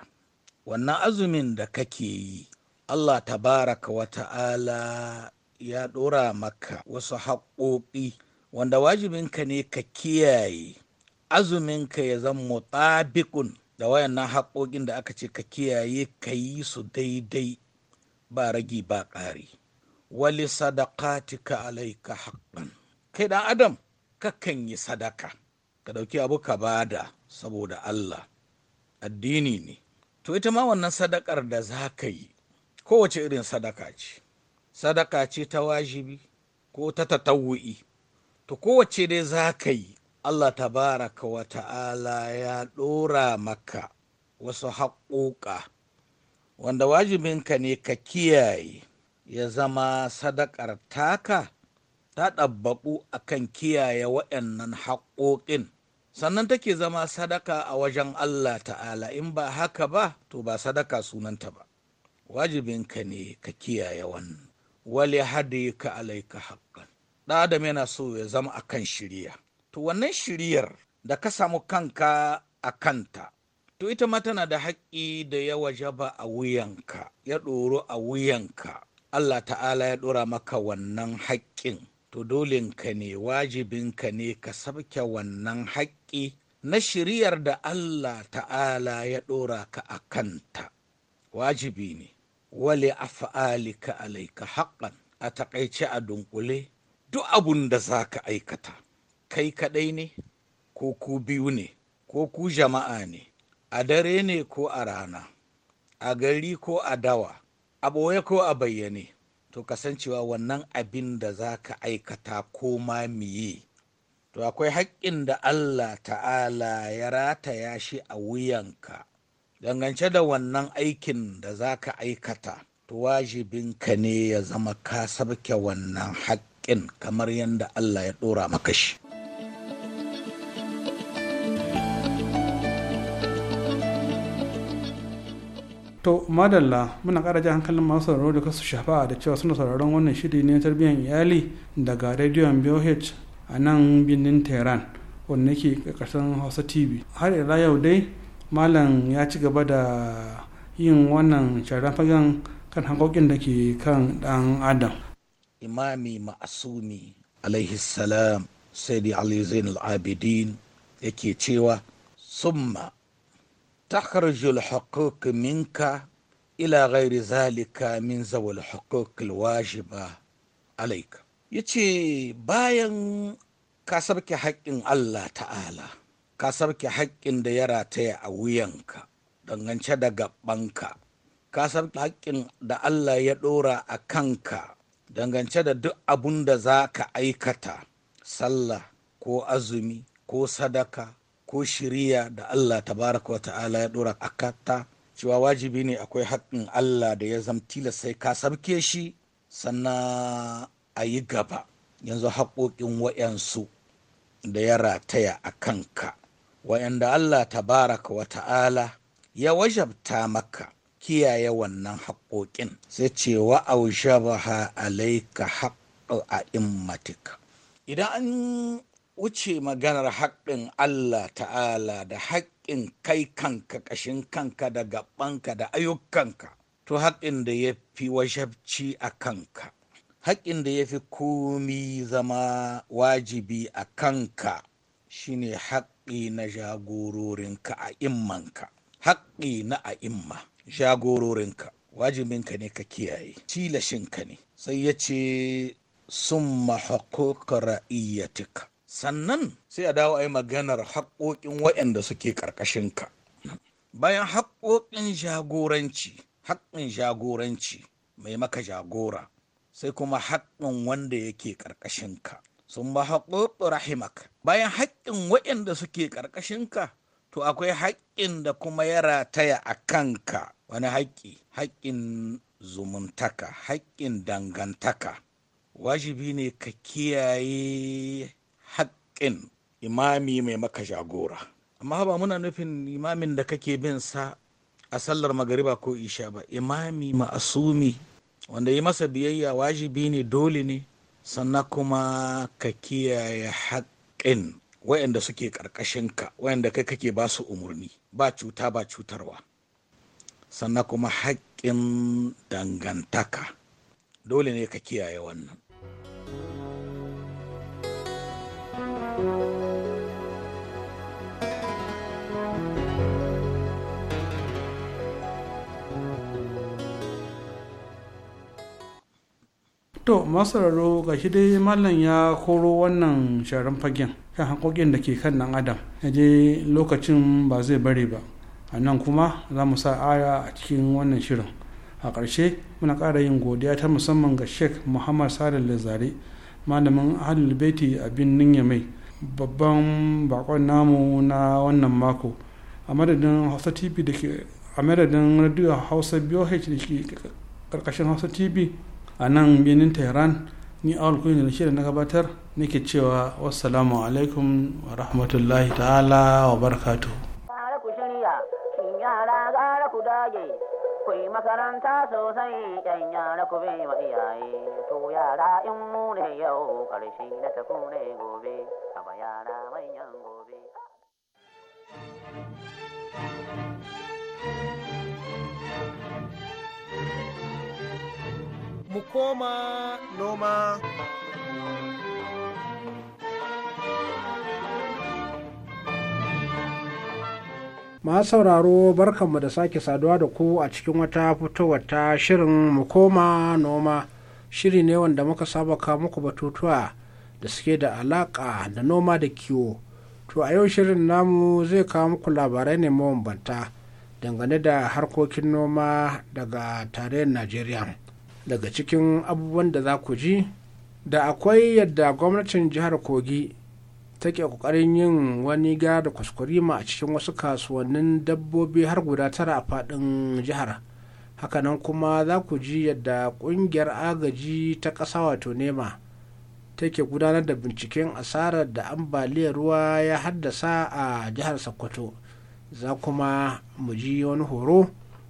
wannan azumin da kake yi Allah tabaraka wa ta'ala ya ɗora maka wasu haƙoƙi wanda wajibinka ne ka kiyaye azuminka ya zama mutabikun da wayannan haƙoƙin da aka ce ka kiyaye ka yi su daidai ba ragi ba ƙari wali sadaqatika alaika haqqan kai dan adam kakan yi sadaka ka ɗauki abu ka bada saboda Allah addini ne to ita ma wannan sadakar da za ka yi kowace irin sadaka ce sadaka ce ta wajibi ko ta tatawu'i to kowace dai za ka yi Allah tabaraka wa ta'ala ya ɗora maka wasu haƙoƙa wanda wajibinka ne ka kiyaye ya zama sadakar taka ta ɗabbaƙu a kan kiyaye waɗannan haƙoƙin sannan take zama sadaka a wajen Allah ta'ala in ba haka ba to ba sadaka sunanta ba wajibin ka ne ka kiyaye wannan wale ka alaika haƙƙan Ɗadam yana so ya zama a kan shirya to wannan shiryar da ka samu kanka a kanta to ita ma tana da haƙƙi da ya wajaba a wuyanka ya ɗoro a wuyanka Allah ta'ala ya ɗora maka wannan haƙƙin to ka ne wajibinka ne ka sabke wannan haƙƙi na shiriyar da Allah ta'ala ya ɗora ka a kanta wajibi ne wale afa'alika alaika haƙƙan a taƙaice a dunkule duk abun da za ka aikata kai kaɗai ne ko ku biyu ne ko ku jama'a ne a dare ne ko a rana a gari ko a dawa a ɓoye ko a bayyane to kasancewa wannan abin da za ka aikata ko ma miye to akwai haƙƙin da allah ta'ala ya rataya shi a wuyanka dangance da wannan aikin da za ka aikata to wajibin ka ne ya zama ka sabke wannan haƙƙin kamar yadda allah ya ɗora maka shi to madalla muna ƙara ji hankalin masu sauraro da kasu shafa'a da cewa suna sauraron wannan shiri ne tarbiyyar iyali daga rediyon BOH a nan birnin Tehran wanda ke ƙarƙashin Hausa TV har ila yau dai malam ya ci gaba da yin wannan sharan fagen kan hankokin da ke kan ɗan adam imami ma'asumi alaihi salam sai ali zainal abidin yake cewa summa takharjul haquq ila ghairi zalika min zawal haquq wajiba alaika yace bayan ka sarki haƙƙin Allah ta'ala ka sarki haƙƙin da ya rataya a wuyanka dangance da gabanka ka sarki haƙƙin da Allah ya ɗora a kanka dangance da duk abun da za ka aikata sallah ko azumi ko sadaka ko shiriya da Allah tabaraka wa ta'ala ya dora akata cewa wajibi ne akwai haƙƙin Allah da ya zamtila sai ka sabke shi sannan a yi gaba yanzu haƙoƙin wa'yansu da ya rataya a kanka wa'yanda Allah tabaraka wa ta'ala ya wajabta maka kiyaye wannan haƙoƙin sai ce wa aushabaha alaika haƙƙo a immatika idan an wuce maganar haƙƙin Allah ta'ala da haƙƙin kai kanka ƙashin kanka da gabanka da ayyukanka to haƙƙin da ya fi wajabci a kanka haƙƙin da ya fi komi zama wajibi a kanka shine haƙƙi na jagororinka a immanka haƙƙi na a imma jagororinka wajibinka ne ka kiyaye tilashinka ne sai ya ce summa haƙoƙa ra'iyyatika sannan sai a dawo a yi maganar haƙoƙin waɗanda suke ƙarƙashin ka. bayan haƙoƙin jagoranci haƙƙin jagoranci mai maka jagora sai kuma haƙƙin wanda yake ka. sun ba haƙoƙi rahimak bayan haƙƙin waɗanda suke ka, to akwai haƙƙin da kuma ya rataya a kanka wani haƙƙi haƙƙin zumuntaka haƙƙin dangantaka wajibi ne ka kiyaye haƙƙin imami mai maka jagora amma ba muna nufin imamin da kake bin sa a sallar magariba ko isha ba imami ma'asumi wanda yi masa biyayya wajibi ne dole ne sannan kuma ka kiyaye haƙƙin wayanda suke ƙarƙashinka wayanda kai kake ba su umarni ba cuta ba cutarwa sannan kuma haƙƙin dangantaka dole ne ka kiyaye wannan to raro ga shi dai mallam ya koro wannan sharan fagen kan hankokin da ke kan nan adam ya je lokacin ba zai bare ba a nan kuma za mu sa aya a cikin wannan shirin a ƙarshe muna ƙara yin godiya ta musamman ga sheikh muhammad sadar lazare malamin halibeti a birnin yamai babban bakon namu na wannan mako a madadin hausa tv da ke a madadin radio hausa boh da ke karkashin hausa tv a nan birnin tehran ni awal kuyi da shirin na gabatar nake cewa wassalamu alaikum wa rahmatullahi ta'ala wa barakatuhu yara gara ku dage ku yi makaranta sosai yan yara ku bai wa iyaye to yara in mu ne yau ƙarshe na tafi ne gobe kama yara manyan gobe. Mu koma noma. masu sauraro barkanmu da sake saduwa da ku a cikin wata fitowar ta shirin mu koma noma shiri ne wanda muka saba ka muku batutuwa da suke da alaka da noma da kiwo to a yau shirin namu zai kawo muku labarai ne mabambanta dangane da harkokin noma daga tarayyar najeriya daga cikin abubuwan da za ku ji da akwai yadda gwamnatin jihar kogi ta ke kokarin yin wani da kwaskwarima a cikin wasu kasuwannin dabbobi har guda tara a faɗin jihar hakanan kuma za ku ji yadda ƙungiyar agaji ta ƙasa wato nema take gudanar da binciken asarar da ambaliyar ruwa ya haddasa a jihar sokoto za kuma mu ji wani horo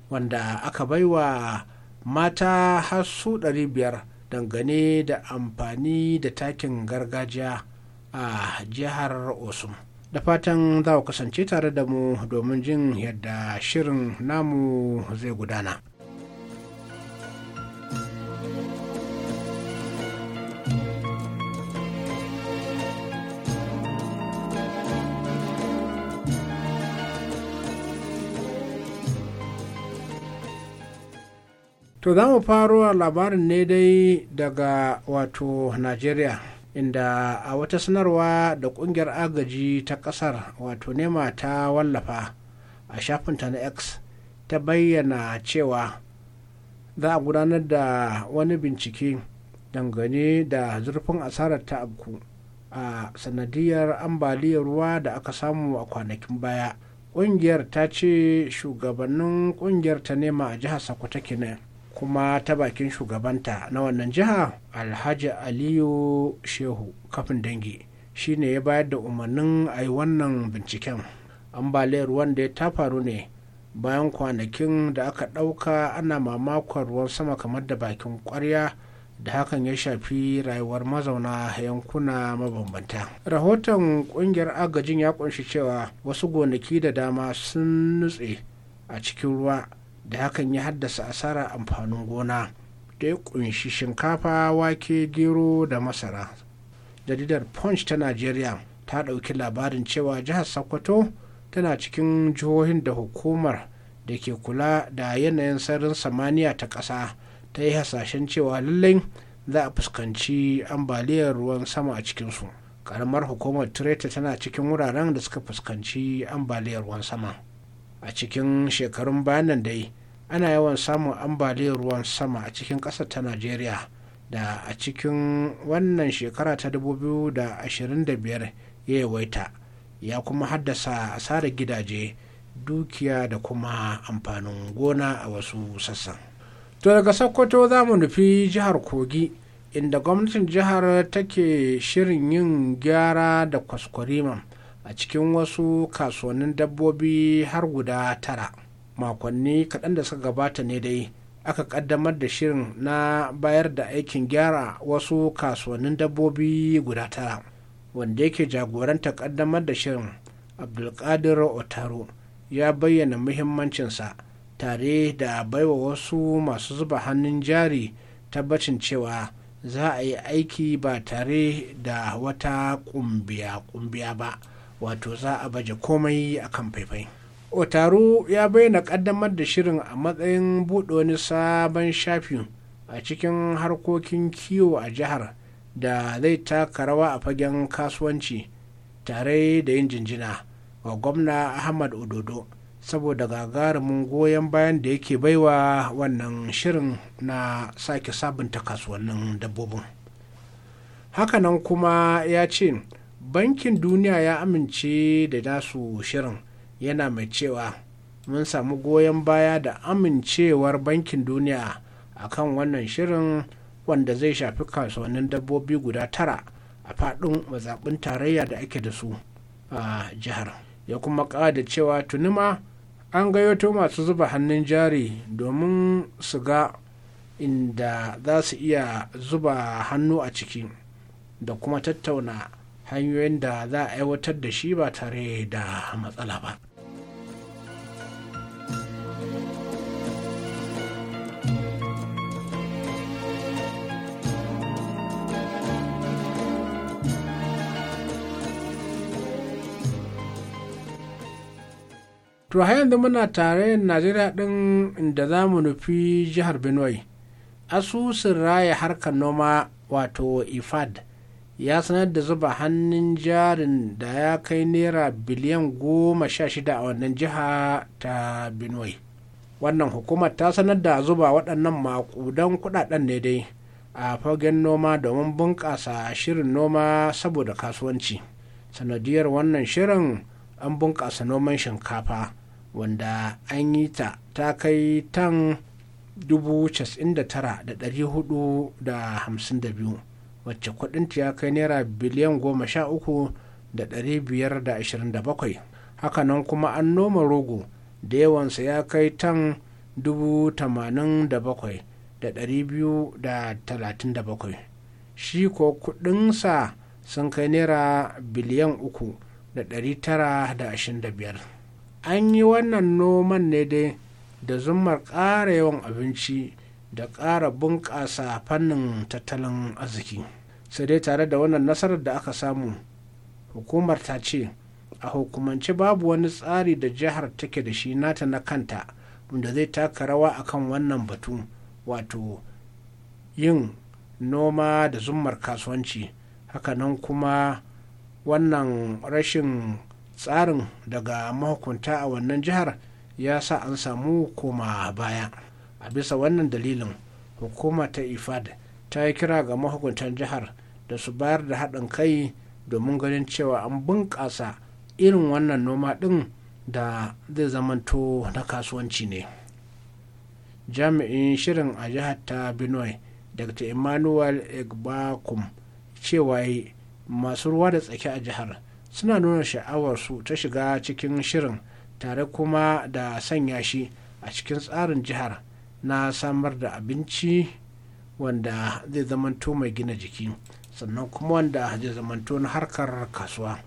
wanda aka baiwa mata har su 500 dangane da amfani da takin gargajiya a jihar osun da fatan za ku kasance tare da mu domin jin yadda shirin namu zai gudana To za mu faro labarin ne dai daga wato Najeriya inda a wata sanarwa da kungiyar agaji ta kasar wato nema ta wallafa a shafinta na x ta bayyana cewa za a gudanar da wani bincike dangane da zurfin asarar ta abku a sanadiyar ambaliyar ruwa da aka samu a kwanakin baya ƙungiyar ta ce shugabannin ƙungiyar ta nema a jihar sakwato kenan kuma ta bakin shugabanta na wannan jiha alhaji aliyu shehu kafin dangi shi ne ya bayar da umarnin a yi wannan binciken ambaliyar wanda ya ta faru ne bayan kwanakin da aka ɗauka ana mamakon ruwan sama kamar da bakin ƙwarya da hakan ya shafi rayuwar mazauna yankuna mabambanta rahoton ƙungiyar agajin ya ƙunshi cewa wasu gonaki da dama sun nutse a cikin ruwa da hakan ya haddasa asara amfanin gona da ya kunshi shinkafa wake gero da masara jaridar punch ta najeriya ta ɗauki labarin cewa jihar sokoto tana cikin jihohin da hukumar da ke kula da yanayin sararin samaniya ta ƙasa ta yi hasashen cewa lallai za a fuskanci ambaliyar ruwan sama a cikinsu karamar hukumar Tireta tana cikin wuraren da suka fuskanci ambaliyar ruwan sama a cikin shekarun bayanan dai ana yawan samun ambaliyar ruwan sama a cikin ƙasar ta najeriya da a cikin wannan shekara ta 2025 ya yawaita ya kuma haddasa asarar gidaje dukiya da kuma amfanin gona a wasu sassan to daga sokoto za mu nufi jihar kogi inda gwamnatin jihar take shirin yin gyara da kwaskwarima a cikin wasu kasuwannin dabbobi har guda tara makonni kaɗan da suka gabata ne dai aka ƙaddamar da shirin na bayar da aikin gyara wasu kasuwannin dabbobi guda tara wanda yake jagoranta ƙaddamar da shirin abdulkadir otaro ya bayyana muhimmancinsa tare da baiwa wasu masu zuba hannun jari tabbacin cewa za a yi aiki ba tare da wata kumbiya-kumbiya ba wato za a baje komai a kan faifai otaru ya bayyana kaddamar da shirin a matsayin buɗe wani sabon shafi a cikin harkokin kiwo a jihar da zai taka rawa a fagen kasuwanci tare da yin jinjina wa gwamna ahmad ododo saboda gagarumin goyon bayan da yake baiwa wannan shirin na sake sabunta kasuwannin dabbobin hakanan kuma ya ce bankin duniya ya amince da nasu shirin yana mai cewa mun samu goyon baya da amincewar bankin duniya a kan wannan shirin wanda zai shafi kasuwannin dabbobi guda tara a faɗin mazaɓin tarayya da ake da su a jihar ya kuma ƙada cewa tuni ma an gayyato masu zuba hannun jari domin su ga inda za su iya zuba hannu a ciki da kuma tattauna hanyoyin da za a aiwatar da shi ba tare da matsala ba to har yanzu muna tare najeriya din inda za mu nufi jihar benue asusun raya harkar noma wato ifad ya sanar da zuba hannun jarin da ya kai naira biliyan goma sha shida a wannan jiha ta benue wannan hukumar ta sanar da zuba waɗannan makudan kuɗaɗen ne dai a fagen noma domin bunƙasa shirin noma saboda kasuwanci sanadiyar wannan shirin an bunƙasa noman shinkafa wanda an yi ta ta kai tan biyu, wacce kudinta ya kai naira biliyan goma 13,527 hakanan kuma an noma rogo da yawansa ya kai tan da da da biyu talatin bakwai. shi ko kudinsa sun kai naira biliyan uku 1925 an yi wannan noman ne dai da zumar ƙara yawan abinci da ƙara bunƙasa fannin tattalin arziki sai dai tare da wannan nasarar da aka samu hukumar ta ce a hukumance babu wani tsari da jihar take da shi nata na kanta wanda zai taka rawa a kan wannan batu wato yin noma da zumar kasuwanci hakanan kuma wannan rashin tsarin daga mahukunta a wannan jihar ya sa an samu koma baya a bisa wannan dalilin hukuma ta ifad ta yi kira ga mahukuntan jihar da su bayar da haɗin kai domin ganin cewa an bunƙasa irin wannan noma ɗin da zai zamanto na kasuwanci ne jami'in shirin a jihar ta benue dr emmanuel egbakum cewa masu ruwa da tsaki a jihar suna nuna sha'awarsu ta shiga cikin shirin tare kuma da sanya shi a cikin tsarin jihar na samar da abinci wanda zai zamanto mai gina jiki sannan kuma wanda zai zamanto na harkar kasuwa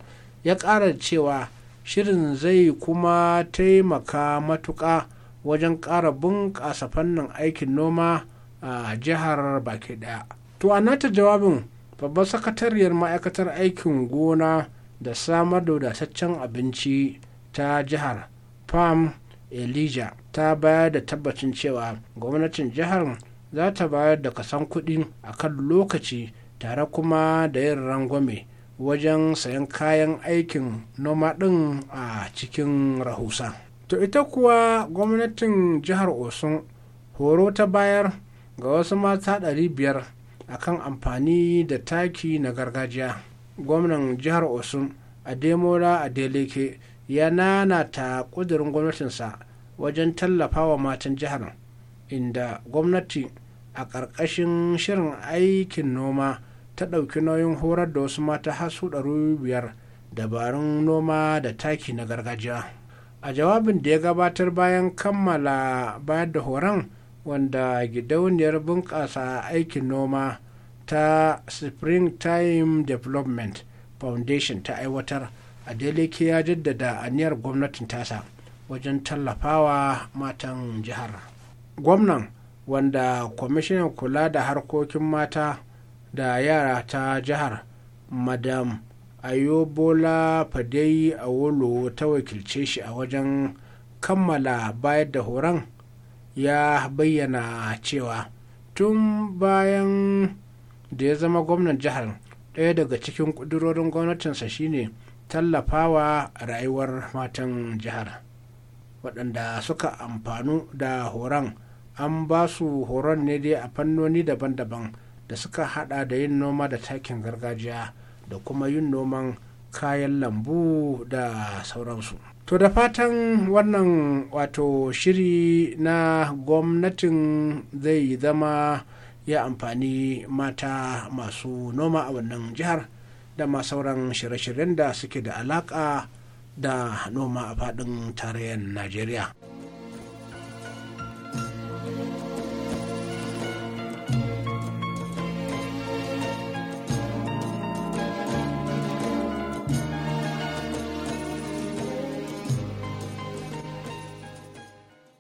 ya ƙara cewa shirin zai kuma taimaka matuƙa wajen ƙara bunƙasa fannin aikin noma a jihar baki ɗaya to a nata jawabin babbar sakatariyar ma'aikatar aikin gona da samar da wadataccen abinci ta jihar pam elijah ta bayar da tabbacin cewa gwamnatin jihar za ta bayar da kasan kuɗi a kan lokaci tare kuma da yin rangwame wajen sayan kayan aikin noma ɗin a cikin rahusa to ita kuwa gwamnatin jihar osun horo ta bayar ga wasu mata 500 akan amfani da taki na gargajiya gwamnan jihar osun ademola adeleke ya nanata kudurin gwamnatinsa wajen tallafawa matan jihar inda gwamnati a ƙarƙashin shirin aikin noma ta ɗauki nauyin horar da wasu mata hasu ɗaru biyar dabarun noma da taki na gargajiya a jawabin da ya gabatar bayan kammala bayar da horon wanda gidauniyar bunƙasa aikin noma ta springtime development foundation ta aiwatar adeleke ya jaddada aniyar gwamnatin tasa wajen tallafawa matan jihar gwamnan wanda kwamishinan kula da harkokin mata da yara ta jihar madam ayobola fadai a awolo ta wakilce shi a wajen kammala bayar da horon ya bayyana cewa tun bayan da ya zama gwamnan jihar ɗaya daga cikin ƙudurorin gwamnatinsa shine tallafawa rayuwar matan jihar waɗanda suka amfanu da horon an ba su horon ne dai a fannoni daban-daban da suka hada da yin noma da takin gargajiya da kuma yin noman kayan lambu da sauransu. To da fatan wannan wato shiri na gwamnatin zai zama ya amfani mata masu noma a wannan jihar da ma sauran shirye-shiryen da suke da alaƙa da noma a faɗin tarayyar Najeriya.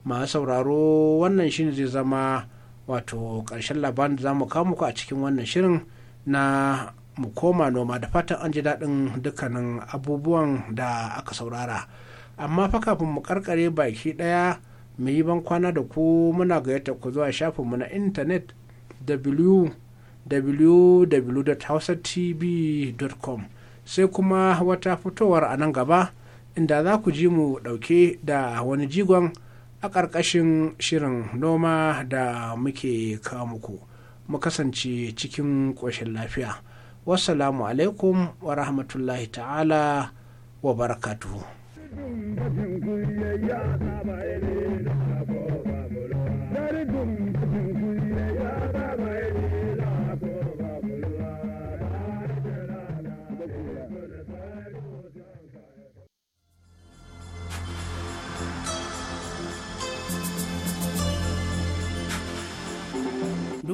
masu sauraro wannan shine zai zama wato ƙarshen labarin da za mu kawo muku a cikin wannan shirin na mu koma noma da fatan an ji daɗin dukkanin abubuwan da aka saurara amma fa kafin mu karkare baki ɗaya mu yi ban kwana da ku muna gayyata ku zuwa shafinmu na intanet www.hausatv.com sai kuma wata fitowar a nan gaba inda za ku ji mu ɗauke da wani jigon a ƙarƙashin shirin noma da muke kawo muku mu kasance cikin ƙoshin lafiya wasalamu alaikum wa rahmatullahi ta'ala wa barakatu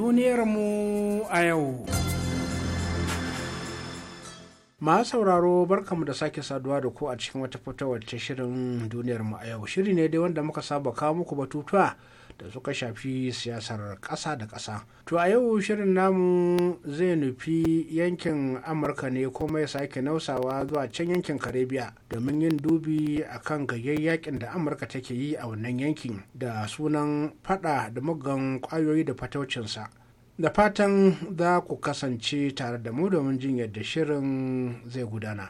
duniyarmu a yau. ma sauraro barkamu da sake saduwa da ku a cikin wata fitowar ta shirin duniyarmu a yau. Shiri ne dai wanda muka saba kawo muku batutuwa da suka shafi siyasar ƙasa da ƙasa. To a yau shirin namu zai nufi yankin Amurka ne ko mai sake nausawa zuwa can yankin Karibiya domin yin dubi a kan da Amurka take yi a wannan yankin da sunan fada da mugan kwayoyi da fataucinsa. da fatan za ku kasance tare da mu domin jin yadda shirin zai gudana.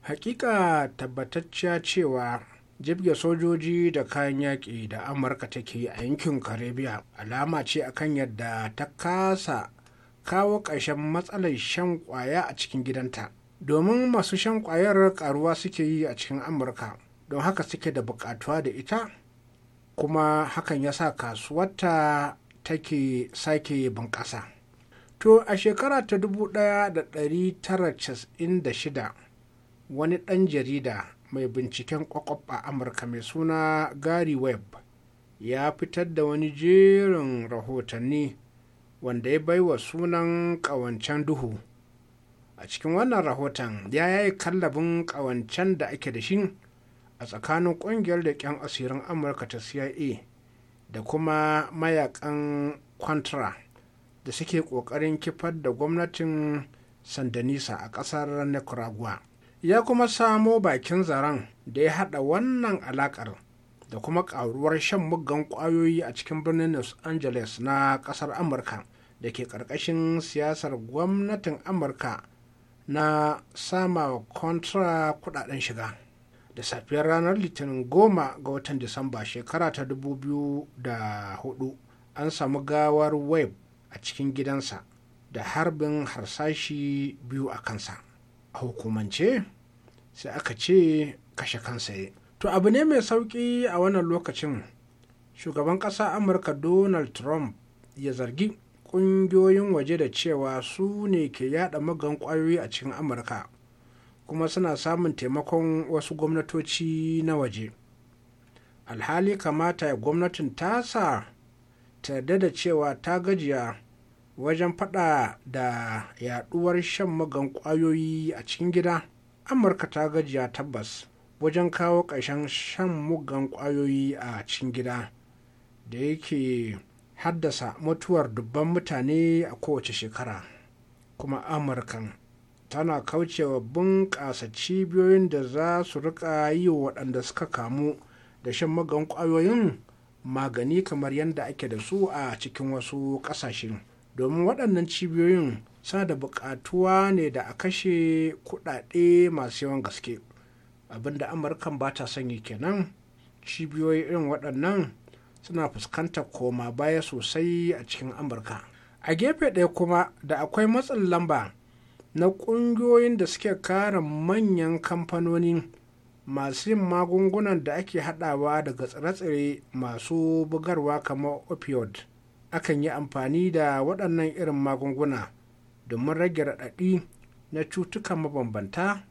Hakika tabbatacciya cewa jibge sojoji da kayan yaƙi da Amurka take a yankin Karibiya alama ce akan yadda ta kasa kawo ƙarshen matsalar shan ƙwaya a cikin gidanta. domin masu shan ƙwayar karuwa suke yi a cikin amurka don haka suke da buƙatuwa da ita kuma hakan ya sa kasuwarta take sake bunƙasa to a shekara ta 1996 wani ɗan jarida mai binciken kwakwab a amurka mai suna gary webb ya fitar da wani jerin rahotanni wanda ya baiwa sunan ƙawancen duhu a cikin wannan rahoton ya yi kallabin ƙawancen da ake da shi a tsakanin ƙungiyar leƙen asirin amurka ta cia da kuma mayakan contra da suke ƙoƙarin kifar da gwamnatin sandanisa a ƙasar nicaragua ya kuma samo bakin zaren da ya haɗa wannan alaƙar da kuma ƙaruwar shan muggan ƙwayoyi a cikin birnin los angeles na ƙasar amurka da ke ƙarƙashin siyasar gwamnatin amurka na sama wa kontra kudaden shiga da safiyar ranar litinin goma ga watan disamba shekara ta dubu biyu da 2004 an samu gawar web a cikin gidansa da harbin harsashi biyu a kansa a hukumance sai aka ce kashe kansa ya to abu ne mai sauƙi a wannan lokacin shugaban ƙasa amurka donald trump ya zargi ƙungiyoyin waje da cewa su ne ke yada magan kwayoyi a cikin amurka kuma suna samun taimakon wasu gwamnatoci na waje alhali kamata gwamnatin tasa ta yarda da cewa ta gajiya wajen fada da yaduwar shan magan kwayoyi a cikin gida amurka ta gajiya tabbas wajen kawo ƙarshen shan mugan kwayoyi a cikin gida da yake haddasa mutuwar dubban mutane a kowace shekara kuma amurkan tana kaucewa bunƙasa cibiyoyin da za su rika yi wa waɗanda suka kamu da shan magan ƙwayoyin magani kamar yadda ake da su a cikin wasu ƙasashe domin waɗannan cibiyoyin suna da buƙatuwa ne da a kashe kuɗaɗe masu yawan gaske abinda amurkan ba ta sanya kenan cibiyoyi irin waɗannan tana fuskantar koma baya sosai a cikin amurka a gefe ɗaya kuma da akwai matsin lamba na ƙungiyoyin da suke kare manyan kamfanoni masu yin magungunan da ake haɗawa daga tsire-tsire masu bugarwa kamar opioid akan yi amfani da waɗannan irin magunguna domin rage raɗaɗi na cutuka mabambanta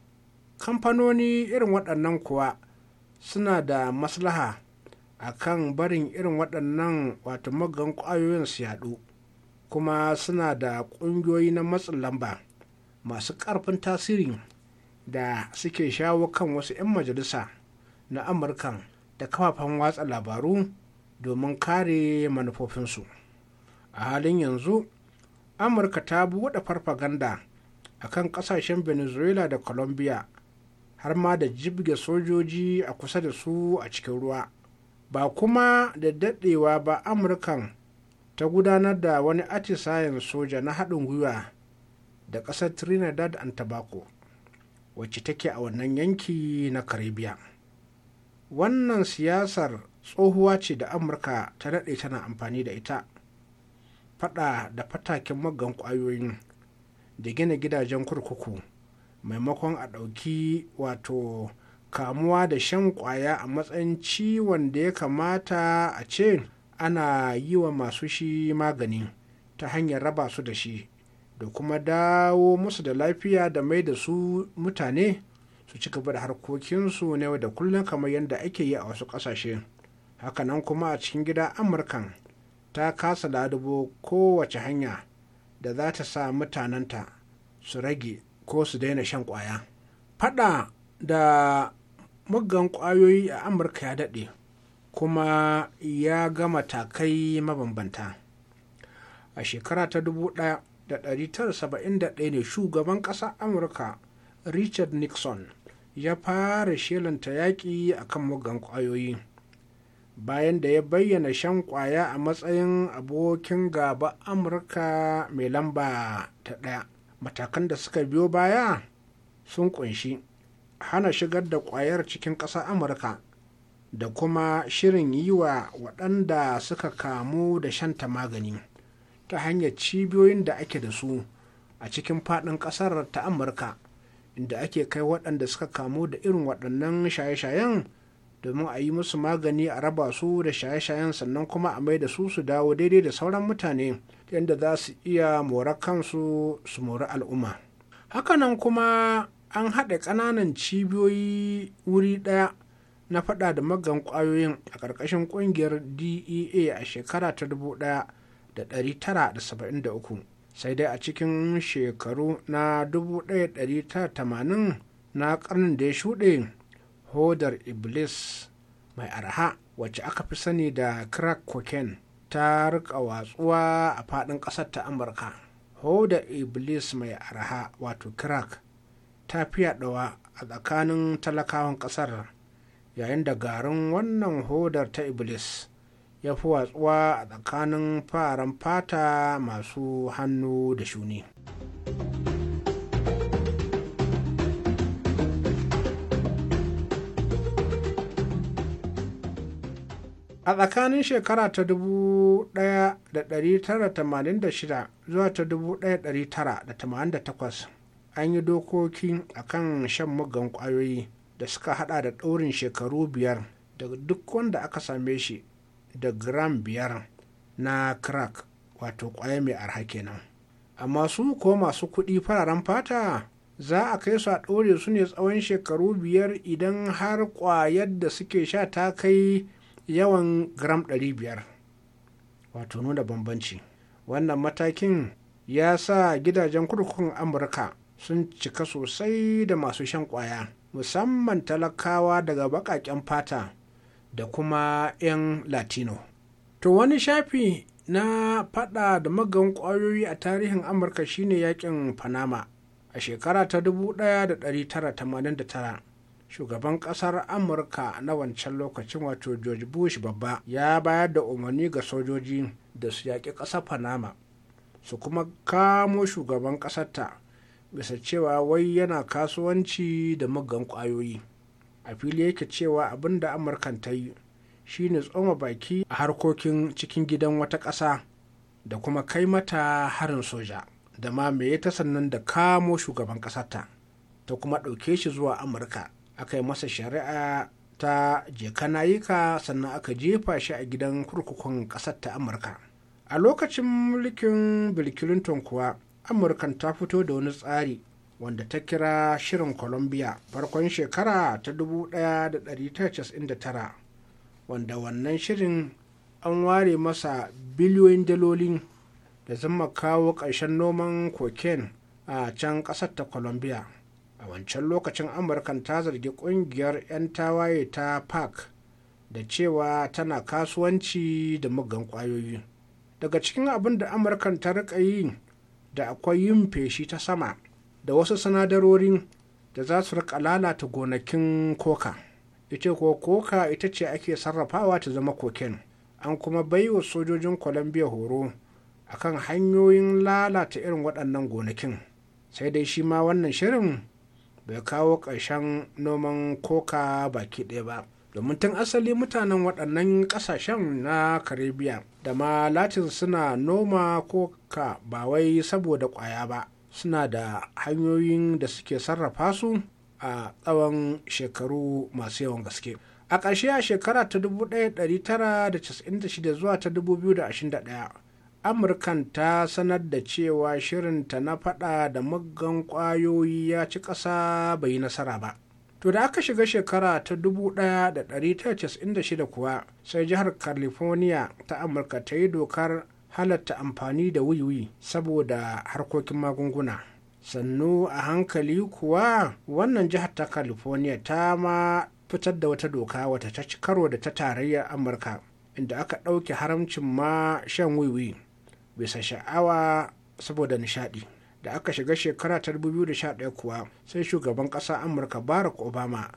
kamfanoni irin waɗannan kuwa suna da maslaha a kan barin irin waɗannan wato magan ƙwayoyin su yaɗu kuma suna da ƙungiyoyi na matsin lamba masu ƙarfin tasiri da suke shawo kan wasu 'yan majalisa na amurka da kafafen watsa labaru domin kare manufofinsu a halin yanzu amurka ta buɗe farfaganda a kan ƙasashen venezuela da colombia har ma da jibge sojoji a kusa da su a cikin ruwa ba kuma da daɗewa ba amurkan ta gudanar da wani atisayen soja na haɗin gwiwa da ƙasar trinidad and tobago wacce take a wannan yanki na caribbean wannan siyasar tsohuwa ce da amurka ta daɗe tana amfani da ita faɗa da fatakin magan ƙwayoyin da gina gidajen kurkuku maimakon a ɗauki wato kamuwa da shan kwaya a matsayin ciwon da ya kamata a ce ana yi wa masu shi magani ta hanyar raba su da shi da kuma dawo musu da lafiya da mai da su mutane su ci gaba da harkokinsu na yau da kullum kamar yadda ake yi a wasu ƙasashe hakanan kuma a cikin gida amurkan ta kasa ladubo kowace hanya da za ta sa mutanenta su rage ko su daina shan kwaya Faɗa da muggan ƙwayoyi a amurka ya daɗe kuma ya ga matakai mabambanta a shekara ta 1971 ne shugaban ƙasar amurka richard nixon ya fara shelanta yaƙi a kan muggan ƙwayoyi bayan da ya bayyana shan ƙwaya a matsayin abokin gaba amurka mai lamba ta ɗaya matakan da suka biyo baya sun ƙunshi hana shigar da kwayar cikin ƙasar amurka da kuma shirin yi wa waɗanda suka kamu da shanta magani ta hanyar cibiyoyin da ake da su a cikin faɗin ƙasar ta amurka inda ake kai waɗanda suka kamu da irin waɗannan shaye-shayen domin a yi musu magani a raba su da shaye-shayen sannan kuma a mai da su su dawo daidai da sauran mutane yadda za su iya mora kansu su mori al'umma hakanan kuma an haɗe ƙananan cibiyoyi wuri ɗaya na faɗa da magan ƙwayoyin a ƙarƙashin ƙungiyar dea a shekara ta 1973 sai dai a cikin shekaru na 1980 na ƙarnin da ya shuɗe hodar iblis mai arha wacce aka fi sani da crack cocaine ta rika watsuwa a faɗin ƙasar ta amurka hodar iblis mai arha wato crack ta fi a tsakanin talakawan ƙasar yayin da garin wannan hodar ta iblis ya fi watsuwa a tsakanin faran fata masu hannu da shuni a tsakanin shekara ta 1986 zuwa ta 1988 an yi dokoki kan shan mugan kwayoyi da suka hada da ɗorin shekaru biyar da duk wanda aka same shi da gram biyar na crack wato kwaya mai arha kenan amma su ko masu kuɗi fararen fata za a kai su a ɗore su ne tsawon shekaru biyar idan har kwayar da suke sha ta kai yawan gram 500 wato nuna bambanci wannan matakin ya sa gidajen kurkukun amurka sun cika sosai da masu shan kwaya musamman talakawa daga baƙaƙen fata da kuma 'yan latino to wani shafi na fada da magan kwayoyi a tarihin amurka shine yakin panama a shekara ta 1989 shugaban kasar amurka na wancan lokacin wato george bush babba ya bayar da umarni ga sojoji da su yaƙi ƙasar panama su kuma kamo shugaban ƙasar ta. bisa cewa wai yana kasuwanci da magan kwayoyi a fili yake cewa abin da amurkan ta yi shine tsoma baki a harkokin cikin gidan wata ƙasa da kuma kai mata harin soja da ma me ta sannan da kamo shugaban ƙasarta ta kuma ɗauke shi zuwa amurka aka yi masa shari'a ta jekanayika sannan aka jefa shi a gidan kurkukun ƙasar ta amurka a lokacin mulkin bill kuwa amurkan ta fito da wani tsari wanda ta kira shirin colombia farkon shekara ta 1999 wanda wannan shirin an ware masa biliyoyin dalolin da zama kawo ƙarshen noman cocaine a can ƙasar ta colombia a wancan lokacin amurkan ta zargi ƙungiyar 'yan tawaye ta park da cewa tana kasuwanci da mugan ƙwayoyi daga cikin abin da amurkan ta rika yi da akwai yin feshi ta sama da wasu sinadarorin da za su rika lalata gonakin koka ita ko koka ita ce ake sarrafawa ta zama koken an kuma bai wa sojojin colombia horo akan hanyoyin lalata irin waɗannan gonakin sai dai shi ma wannan shirin bai kawo ƙarshen noman koka baki ɗaya ba domin tun asali mutanen waɗannan ƙasashen na karibiya da ma latin suna noma ko ka ba wai saboda kwaya ba suna da hanyoyin da suke sarrafa su a tsawon shekaru masu yawan gaske a ƙarshe a shekara ta 1996 zuwa ta 2021 amurkan ta sanar da cewa shirinta na fada da muggan ƙwayoyi ya ci ƙasa bai yi nasara ba to da aka shiga shekara ta 1996 kuwa sai jihar california ta amurka ta yi dokar halatta amfani da wiwi saboda harkokin magunguna sannu a hankali kuwa wannan jihar ta california ta ma fitar da wata doka wata ta ci karo da ta tarayyar amurka inda aka ɗauke haramcin ma shan wiwi bisa sha'awa saboda nishaɗi da aka shiga shekara ta 2011 kuwa sai shugaban ƙasa amurka barack obama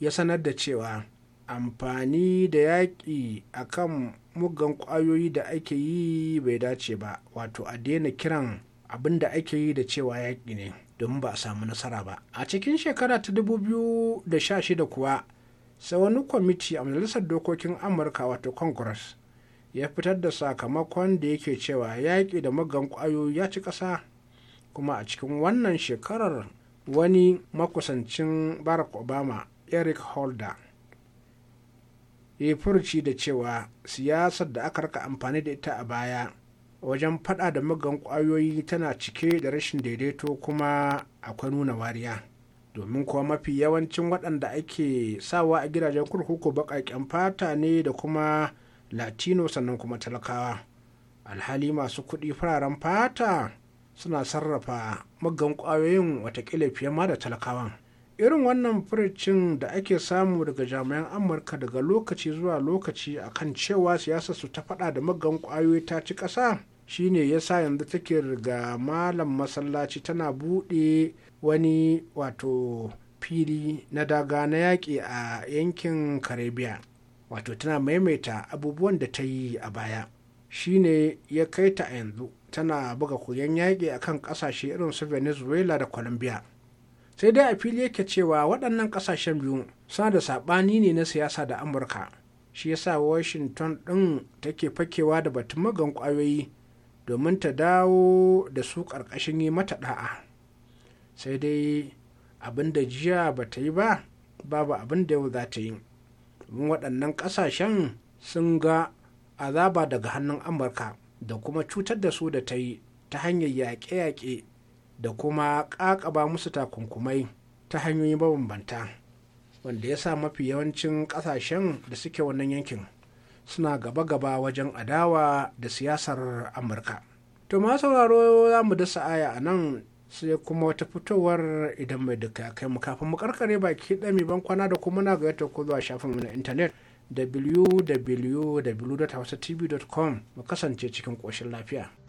ya sanar da cewa amfani da yaƙi akan muggan kwayoyi da ake yi bai dace ba wato a daina kiran abin da ake yi da cewa yaƙi ne domin ba a samu nasara ba a cikin shekara ta 2016 kuwa sai wani kwamiti a majalisar dokokin amurka wato congress ya fitar da sakamakon da yake cewa yaƙi da muggan kwayoyi ya ci ƙasa kuma a cikin wannan shekarar wani makusancin barack obama eric holder ya furci da cewa siyasar da aka raka amfani da ita a baya wajen fada da magan kwayoyi tana cike da rashin daidaito kuma akwai nuna wariya domin kuwa mafi yawancin waɗanda ake sawa a gidajen kurkuku baƙaƙen fata ne da kuma latino sannan kuma talakawa alhali masu kuɗi fararen fata suna sarrafa magan kwayoyin watakila fiye ma da talakawan irin wannan furicin da ake samu daga jami'an amurka daga lokaci zuwa lokaci akan cewa siyasa su ta fada da magan kwayoyi ta ci ƙasa shine sa yanzu take riga malam masallaci tana buɗe wani wato fili na daga na yaƙi a yankin karibiya wato tana maimaita abubuwan da ta yi a baya shine ya kai ta yanzu tana buga koyon yaƙi akan ƙasashe irin su venezuela da colombia sai dai a fili yake cewa waɗannan ƙasashen biyu suna da saɓani ne na siyasa da amurka shi yasa washington ɗin take fakewa da batun magan ƙwayoyi domin ta dawo da su ƙarƙashin yi mata ɗa'a sai dai abin da jiya ba ta yi ba babu abin da yau za ta yi domin waɗannan ƙasashen sun ga azaba daga hannun amurka da kuma cutar da su da ta yi ta hanyar yaƙe-yaƙe da kuma ƙaƙaba musu takunkumai ta hanyoyi mabambanta wanda ya sa mafi yawancin ƙasashen da suke wannan yankin suna gaba-gaba wajen adawa da siyasar amurka to ma sauraro za mu dasa sa'aya a nan sai kuma wata fitowar idan mai duka kai mu kafin mu karkare baki mai ban kwana da kuma na gayyata ko zuwa shafin na intanet www.hausatv.com mu kasance cikin koshin lafiya.